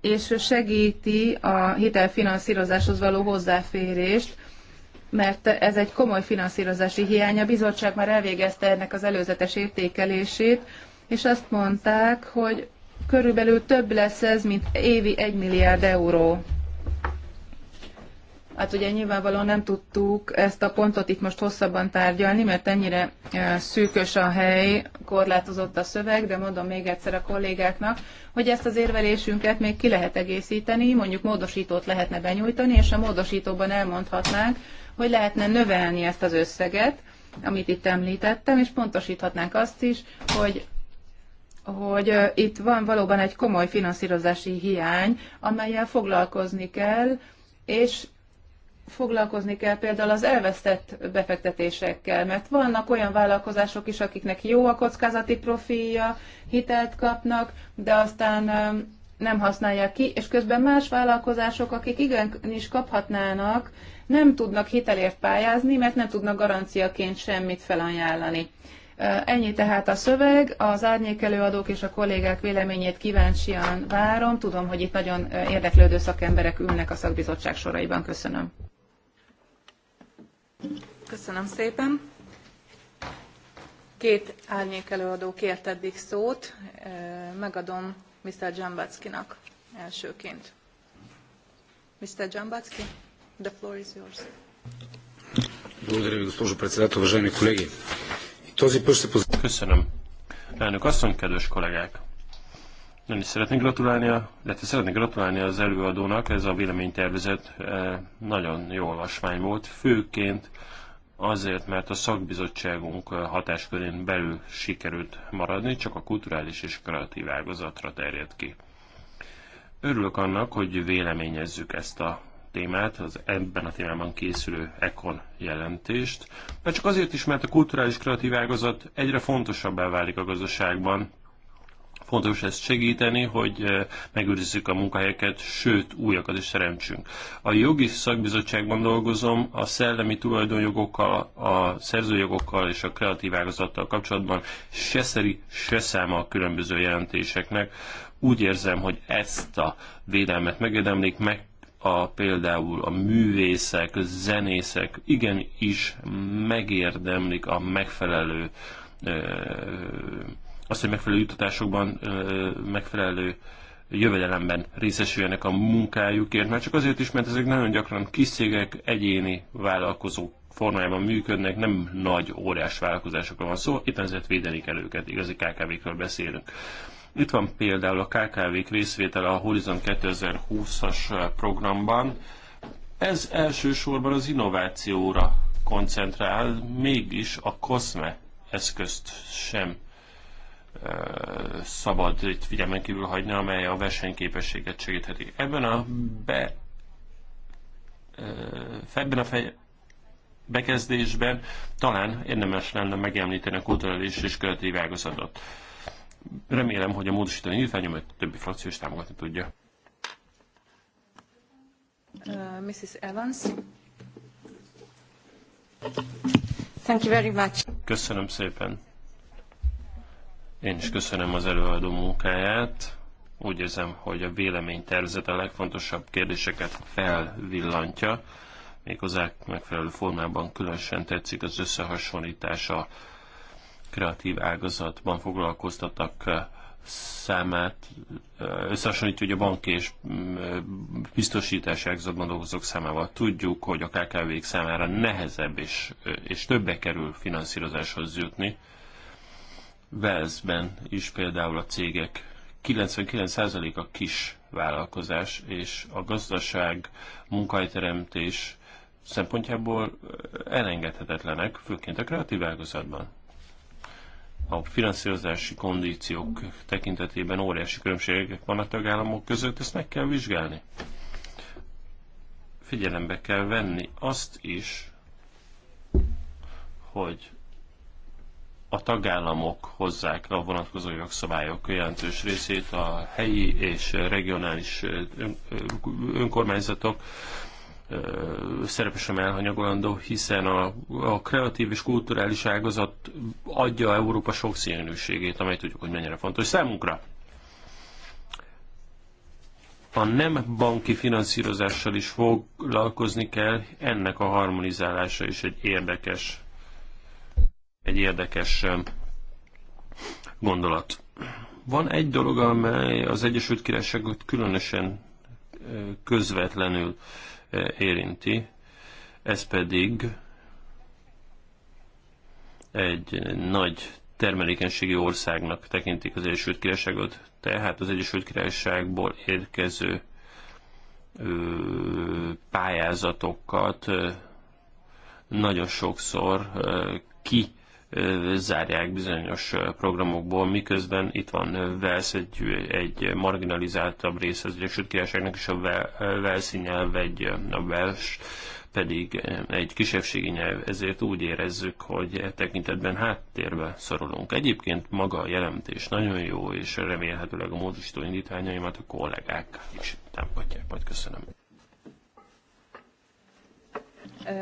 B: és segíti a hitelfinanszírozáshoz való hozzáférést, mert ez egy komoly finanszírozási hiány. A bizottság már elvégezte ennek az előzetes értékelését, és azt mondták, hogy körülbelül több lesz ez, mint évi 1 milliárd euró. Hát ugye nyilvánvalóan nem tudtuk ezt a pontot itt most hosszabban tárgyalni, mert ennyire e, szűkös a hely, korlátozott a szöveg, de mondom még egyszer a kollégáknak, hogy ezt az érvelésünket még ki lehet egészíteni, mondjuk módosítót lehetne benyújtani, és a módosítóban elmondhatnánk, hogy lehetne növelni ezt az összeget, amit itt említettem, és pontosíthatnánk azt is, hogy hogy itt van valóban egy komoly finanszírozási hiány, amelyel foglalkozni kell, és foglalkozni kell például az elvesztett befektetésekkel, mert vannak olyan vállalkozások is, akiknek jó a kockázati profilja, hitelt kapnak, de aztán nem használják ki, és közben más vállalkozások, akik igenis kaphatnának nem tudnak hitelért pályázni, mert nem tudnak garanciaként semmit felajánlani. Ennyi tehát a szöveg, az árnyékelőadók és a kollégák véleményét kíváncsian várom. Tudom, hogy itt nagyon érdeklődő szakemberek ülnek a szakbizottság soraiban. Köszönöm.
A: Köszönöm szépen. Két árnyékelőadó kért eddig szót. Megadom Mr. Dzsambackinak elsőként. Mr. Dzsambacki? The floor is yours.
C: Благодаря ви, госпожо председател, уважаеми колеги. Този път ще позволя... Köszönöm. Elnök asszony, kollégák! Én is szeretnék gratulálni, illetve szeretnék gratulálni az előadónak, ez a véleménytervezet eh, nagyon jó olvasmány volt, főként azért, mert a szakbizottságunk eh, hatáskörén belül sikerült maradni, csak a kulturális és kreatív ágazatra terjed ki. Örülök annak, hogy véleményezzük ezt a témát, az ebben a témában készülő Econ jelentést, mert csak azért is, mert a kulturális kreatív ágazat egyre fontosabbá válik a gazdaságban, Fontos ezt segíteni, hogy eh, megőrizzük a munkahelyeket, sőt, újakat is teremtsünk. A jogi szakbizottságban dolgozom, a szellemi tulajdonjogokkal, a szerzőjogokkal és a kreatív ágazattal kapcsolatban se szeri, se száma a különböző jelentéseknek. Úgy érzem, hogy ezt a védelmet megérdemlik, meg a, például a művészek, zenészek igenis megérdemlik a megfelelő azt, hogy megfelelő jutatásokban, megfelelő jövedelemben részesüljenek a munkájukért, már csak azért is, mert ezek nagyon gyakran kis cégek, egyéni vállalkozók formájában működnek, nem nagy, óriás vállalkozásokra van szó, itt ezért védeni kell őket, igazi KKV-kről beszélünk. Itt van például a KKV-k részvétele a Horizon 2020-as eh, programban. Ez elsősorban az innovációra koncentrál, mégis a COSME eszközt sem eh, szabad itt figyelmen kívül hagyni, amely a versenyképességet segítheti. Ebben a be, eh, ebben a fej, bekezdésben talán érdemes lenne megemlíteni a kulturális és kreatív ágazatot. Remélem, hogy a módosítani nyitványomat a többi frakció is támogatni tudja.
A: Uh, Mrs. Evans.
B: Thank you very much.
C: Köszönöm szépen. Én is köszönöm az előadó munkáját. Úgy érzem, hogy a véleménytervezet a legfontosabb kérdéseket felvillantja, méghozzá megfelelő formában különösen tetszik az összehasonlítása kreatív ágazatban foglalkoztattak számát összehasonlítja, hogy a banki és biztosítási ágazatban dolgozók számával tudjuk, hogy a KKV-k számára nehezebb és, és többe kerül finanszírozáshoz jutni. Velszben is például a cégek 99%-a kis vállalkozás, és a gazdaság, munkahelyteremtés szempontjából elengedhetetlenek, főként a kreatív ágazatban a finanszírozási kondíciók tekintetében óriási különbségek van a tagállamok között, ezt meg kell vizsgálni. Figyelembe kell venni azt is, hogy a tagállamok hozzák a vonatkozó jogszabályok jelentős részét, a helyi és regionális önkormányzatok szerepe sem elhanyagolandó, hiszen a, a kreatív és kulturális ágazat adja Európa sokszínűségét, amely tudjuk, hogy mennyire fontos számunkra. A nem banki finanszírozással is foglalkozni kell, ennek a harmonizálása is egy érdekes, egy érdekes gondolat. Van egy dolog, amely az Egyesült Királyságot különösen közvetlenül érinti, ez pedig egy nagy termelékenységi országnak tekintik az Egyesült Királyságot, tehát az Egyesült Királyságból érkező pályázatokat nagyon sokszor ki zárják bizonyos programokból, miközben itt van Velsz egy, egy marginalizáltabb része az Egyesült Királyságnak, és a Velszi nyelv egy, a Welsh pedig egy kisebbségi nyelv, ezért úgy érezzük, hogy e tekintetben háttérbe szorulunk. Egyébként maga a jelentés nagyon jó, és remélhetőleg a módosító indítványaimat a kollégák is támogatják. Majd köszönöm.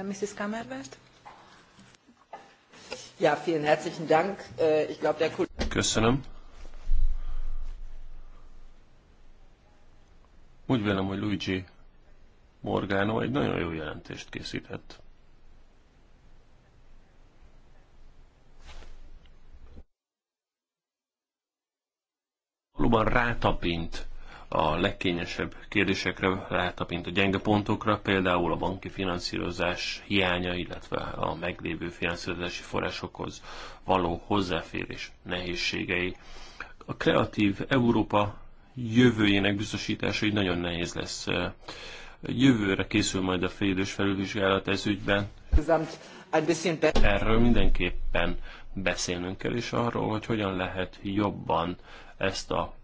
A: Mrs. Kamervert?
D: Ja, vielen herzlichen Dank. Äh, ich glaube, der
C: Köszönöm. Úgy vélem, hogy Luigi Morgano egy nagyon jó jelentést készített. Valóban rátapint a legkényesebb kérdésekre látap, mint a gyenge pontokra, például a banki finanszírozás hiánya, illetve a meglévő finanszírozási forrásokhoz való hozzáférés nehézségei. A kreatív Európa jövőjének biztosítása így nagyon nehéz lesz. Jövőre készül majd a félidős felülvizsgálat ez ügyben. Erről mindenképpen beszélnünk kell, és arról, hogy hogyan lehet jobban ezt a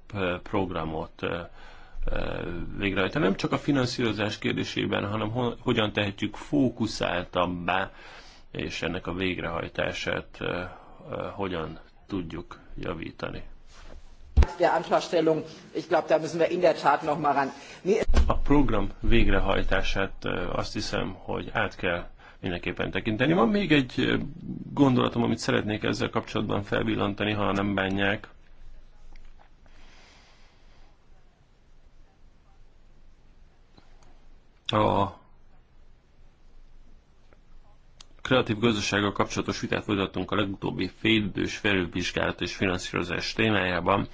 C: programot eh, eh, végrehajtani. Nem csak a finanszírozás kérdésében, hanem hogyan tehetjük fókuszáltabbá, és ennek a végrehajtását eh, hogyan tudjuk javítani. A program végrehajtását azt hiszem, hogy át kell mindenképpen tekinteni. Van még egy gondolatom, amit szeretnék ezzel kapcsolatban felvillantani, ha nem bánják. A kreatív gazdasággal kapcsolatos vitát folytattunk a legutóbbi félidős felülvizsgálat és finanszírozás témájában,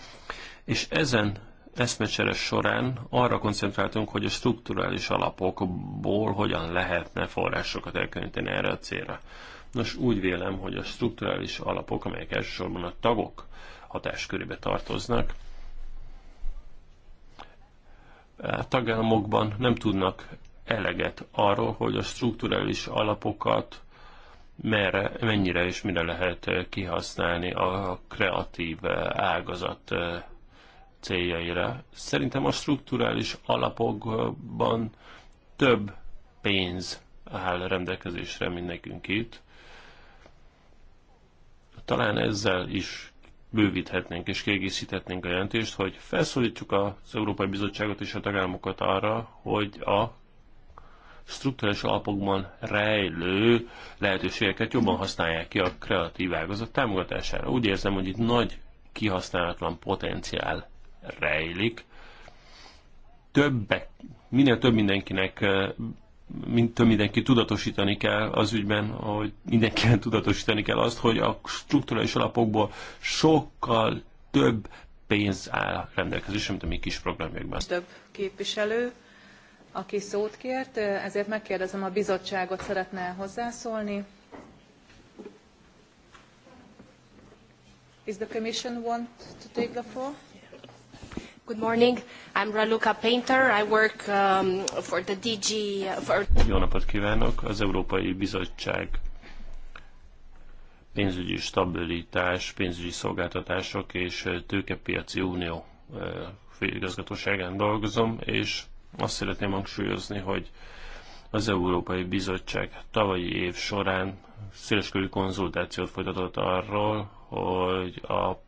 C: és ezen eszmecseres során arra koncentráltunk, hogy a strukturális alapokból hogyan lehetne forrásokat elkönyvteni erre a célra. Nos, úgy vélem, hogy a strukturális alapok, amelyek elsősorban a tagok hatáskörébe tartoznak, E, tagállamokban nem tudnak eleget arról, hogy a strukturális alapokat merre, mennyire és mire lehet e, kihasználni a kreatív e, ágazat céljaira. Szerintem a strukturális alapokban több pénz áll rendelkezésre, mint nekünk itt. Talán ezzel is bővíthetnénk és kiegészíthetnénk a jelentést, hogy felszólítsuk az Európai Bizottságot és a tagállamokat arra, hogy a strukturális alapokban rejlő lehetőségeket jobban használják ki a kreatív ágazat támogatására. Úgy érzem, hogy itt nagy kihasználatlan potenciál rejlik. Többek, minél több mindenkinek mint mindenki tudatosítani kell az ügyben, hogy mindenkinek tudatosítani kell azt, hogy a struktúrális alapokból sokkal több pénz áll rendelkezésre, mint a mi kis programjákban.
B: Több képviselő,
A: aki szót kért, ezért megkérdezem, a bizottságot szeretne hozzászólni.
B: Is the commission want to take the floor? Good morning. I'm Raluca Painter. I work um, for the DG... Uh, for...
C: Jó napot kívánok! Az Európai Bizottság pénzügyi stabilitás, pénzügyi szolgáltatások és uh, tőkepiaci unió uh, főigazgatóságán dolgozom, és azt szeretném hangsúlyozni, hogy az Európai Bizottság tavalyi év során széleskörű konzultációt folytatott arról, hogy a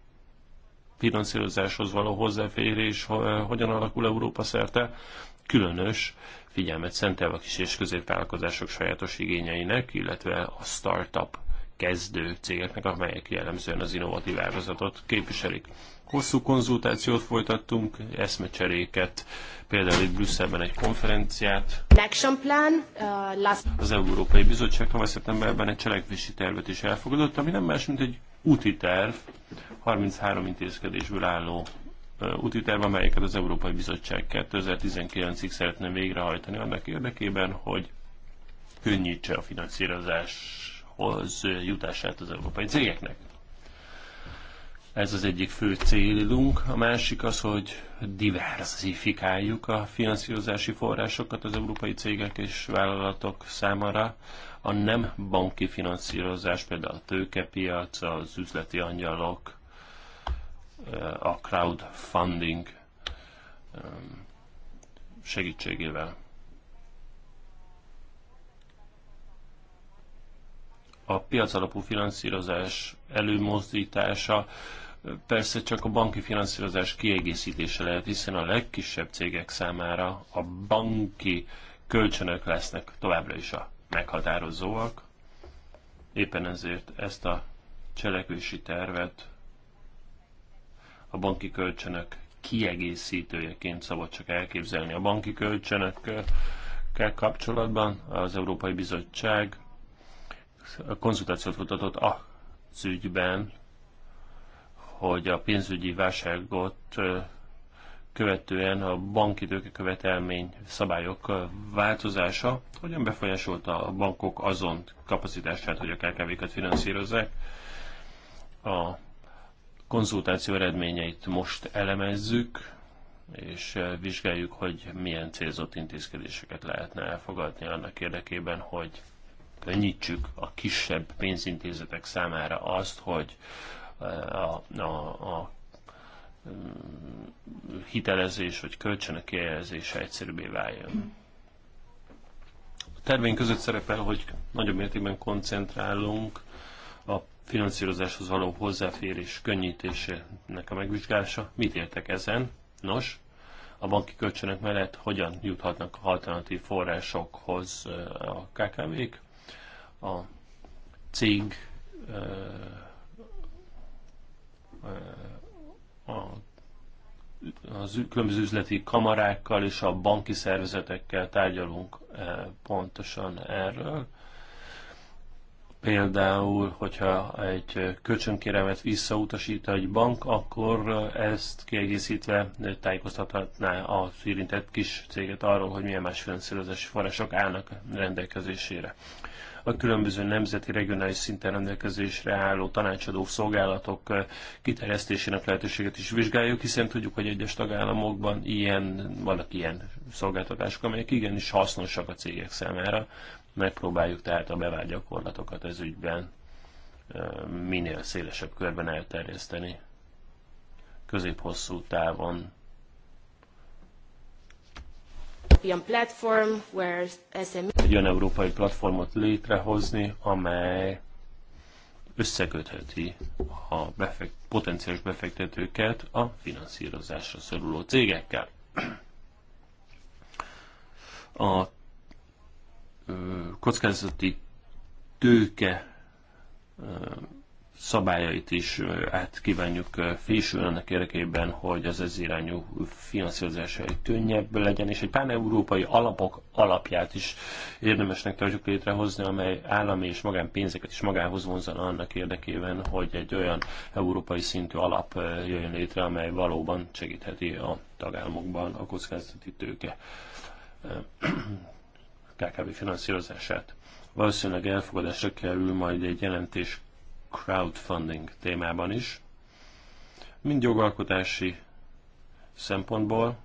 C: finanszírozáshoz való hozzáférés hogyan alakul Európa szerte, különös figyelmet szentelve a kis és középvállalkozások sajátos igényeinek, illetve a startup kezdő cégeknek, amelyek jellemzően az innovatív ágazatot képviselik. Hosszú konzultációt folytattunk, eszmecseréket, például itt Brüsszelben egy konferenciát.
B: Plan, uh,
C: Az Európai Bizottság tavaly szeptemberben egy cselekvési tervet is elfogadott, ami nem más, mint egy úti terv 33 intézkedésből álló útiterv, amelyeket az Európai Bizottság 2019-ig szeretne végrehajtani annak érdekében, hogy könnyítse a finanszírozáshoz jutását az európai cégeknek. Ez az egyik fő célunk. A másik az, hogy diversifikáljuk a finanszírozási forrásokat az európai cégek és vállalatok számára. A nem banki finanszírozás, például a tőkepiac, az üzleti angyalok, eh, a crowdfunding segítségével. A piac alapú finanszírozás előmozdítása persze csak a banki finanszírozás kiegészítése lehet, hiszen a legkisebb cégek számára a banki kölcsönök lesznek továbbra is a meghatározóak. Éppen ezért ezt a cselekvési tervet a banki kölcsönök kiegészítőjeként szabad csak elképzelni. A banki kölcsönökkel kapcsolatban az Európai Bizottság konzultációt folytatott a ügyben, hogy a pénzügyi válságot követően a banki követelmény szabályok változása hogyan befolyásolta a bankok azon kapacitását, hogy a KKV-kat finanszírozzák. A konzultáció eredményeit most elemezzük, és vizsgáljuk, hogy milyen célzott intézkedéseket lehetne elfogadni annak érdekében, hogy könnyítsük a kisebb pénzintézetek számára azt, hogy a, a hitelezés vagy kölcsönök jelzése egyszerűbbé váljon. A tervény között szerepel, hogy nagyobb mértékben koncentrálunk a finanszírozáshoz való hozzáférés könnyítésének a megvizsgálása. Mit értek ezen? Nos, a banki kölcsönök mellett hogyan juthatnak alternatív forrásokhoz eh, a KKV-k, a cég, eh, eh, a az különböző üzleti kamarákkal és a banki szervezetekkel tárgyalunk eh, pontosan erről. Például, hogyha egy kölcsönkéremet visszautasít egy bank, akkor eh, ezt kiegészítve tájékoztathatná az érintett kis céget arról, hogy milyen más finanszírozási források állnak rendelkezésére a különböző nemzeti, regionális szinten rendelkezésre álló tanácsadó szolgálatok kiterjesztésének lehetőséget is vizsgáljuk, hiszen tudjuk, hogy egyes tagállamokban ilyen, vannak ilyen szolgáltatások, amelyek igenis hasznosak a cégek számára. Megpróbáljuk tehát a bevált gyakorlatokat ez ügyben minél szélesebb körben elterjeszteni közép-hosszú távon
B: European platform where SME... Egy olyan
C: európai platformot létrehozni, amely összekötheti a befekt, potenciális befektetőket a finanszírozásra szoruló cégekkel. A kockázati tőke szabályait is át kívánjuk fésül annak érdekében, hogy az ez irányú finanszírozása könnyebb legyen, és egy pár európai alapok alapját is érdemesnek tartjuk létrehozni, amely állami és magánpénzeket is magához vonzana annak érdekében, hogy egy olyan európai szintű alap jöjjön létre, amely valóban segítheti a tagállamokban a kockázati tőke KKB finanszírozását valószínűleg elfogadásra kerül majd egy jelentés crowdfunding témában is. Mind jogalkotási szempontból,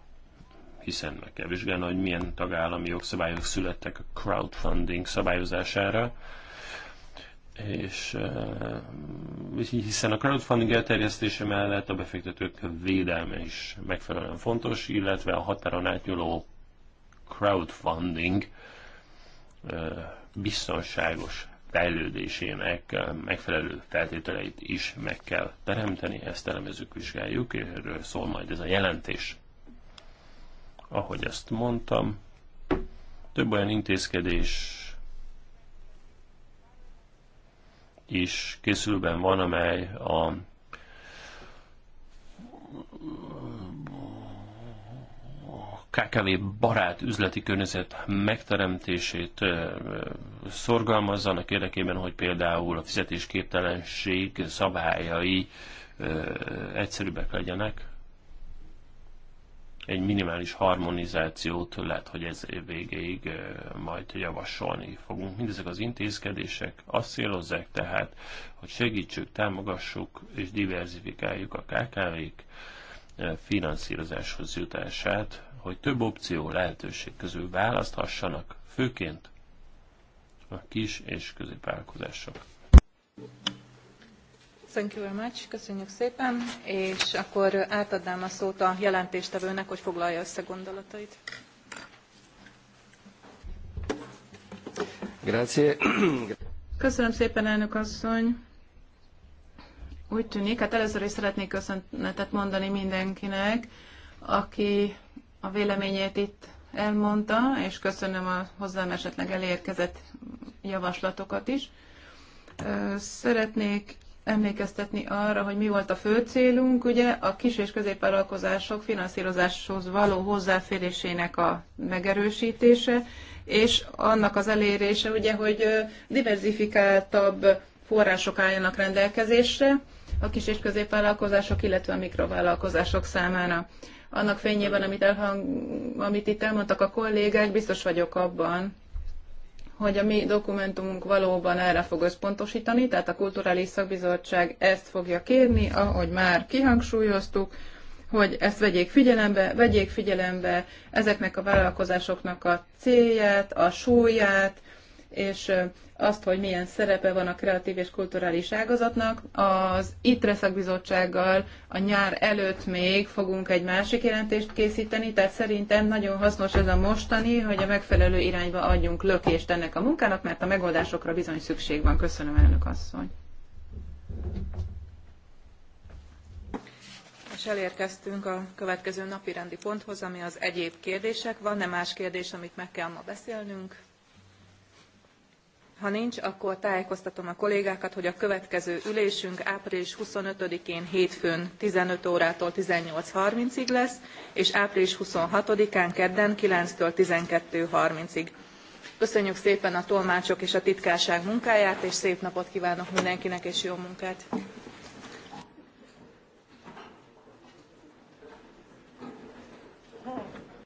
C: hiszen meg kell vizsgálni, hogy milyen tagállami jogszabályok születtek a crowdfunding szabályozására, és eh, hiszen a crowdfunding elterjesztése mellett a befektetők védelme is megfelelően fontos, illetve a határon átnyúló crowdfunding eh, biztonságos fejlődésének megfelelő feltételeit is meg kell teremteni, ezt elemezzük, vizsgáljuk, erről szól majd ez a jelentés. Ahogy ezt mondtam, több olyan intézkedés is készülben van, amely a KKV barát üzleti környezet megteremtését szorgalmazza, annak érdekében, hogy például a fizetésképtelenség szabályai egyszerűbbek legyenek. Egy minimális harmonizációt lehet, hogy ez év végéig majd javasolni fogunk. Mindezek az intézkedések azt célozzák tehát, hogy segítsük, támogassuk és diverzifikáljuk a KKV-k finanszírozáshoz jutását, hogy több opció lehetőség közül választhassanak, főként a kis és középvállalkozások.
A: Thank you very much. Köszönjük szépen, és akkor átadnám a szót a jelentéstevőnek, hogy foglalja össze gondolatait.
C: Grazie.
B: Köszönöm szépen, elnök asszony. Úgy tűnik, hát először is szeretnék köszönetet mondani mindenkinek, aki a véleményét itt elmondta, és köszönöm a hozzám esetleg elérkezett javaslatokat is. Szeretnék emlékeztetni arra, hogy mi volt a fő célunk, ugye a kis és középvállalkozások finanszírozáshoz való hozzáférésének a megerősítése, és annak az elérése, ugye, hogy diversifikáltabb források álljanak rendelkezésre a kis és középvállalkozások, illetve a mikrovállalkozások számára annak fényében, amit, elhang, amit itt elmondtak a kollégák, biztos vagyok abban, hogy a mi dokumentumunk valóban erre fog összpontosítani, tehát a Kulturális Szakbizottság ezt fogja kérni, ahogy már kihangsúlyoztuk, hogy ezt vegyék figyelembe, vegyék figyelembe ezeknek a vállalkozásoknak a célját, a súlyát, és azt, hogy milyen szerepe van a kreatív és kulturális ágazatnak. Az ITRE szakbizottsággal a nyár előtt még fogunk egy másik jelentést készíteni, tehát szerintem nagyon hasznos ez a mostani, hogy a megfelelő irányba adjunk lökést ennek a munkának, mert a megoldásokra bizony szükség van. Köszönöm, elnök asszony.
A: És elérkeztünk a következő napi rendi ponthoz, ami az egyéb kérdések. Van-e más kérdés, amit meg kell ma beszélnünk? Ha nincs, akkor tájékoztatom a kollégákat, hogy a következő ülésünk április 25-én hétfőn 15 órától 18.30-ig lesz, és április 26-án kedden 9-től 12.30-ig. Köszönjük szépen a tolmácsok és a titkárság munkáját, és szép napot kívánok mindenkinek, és jó munkát!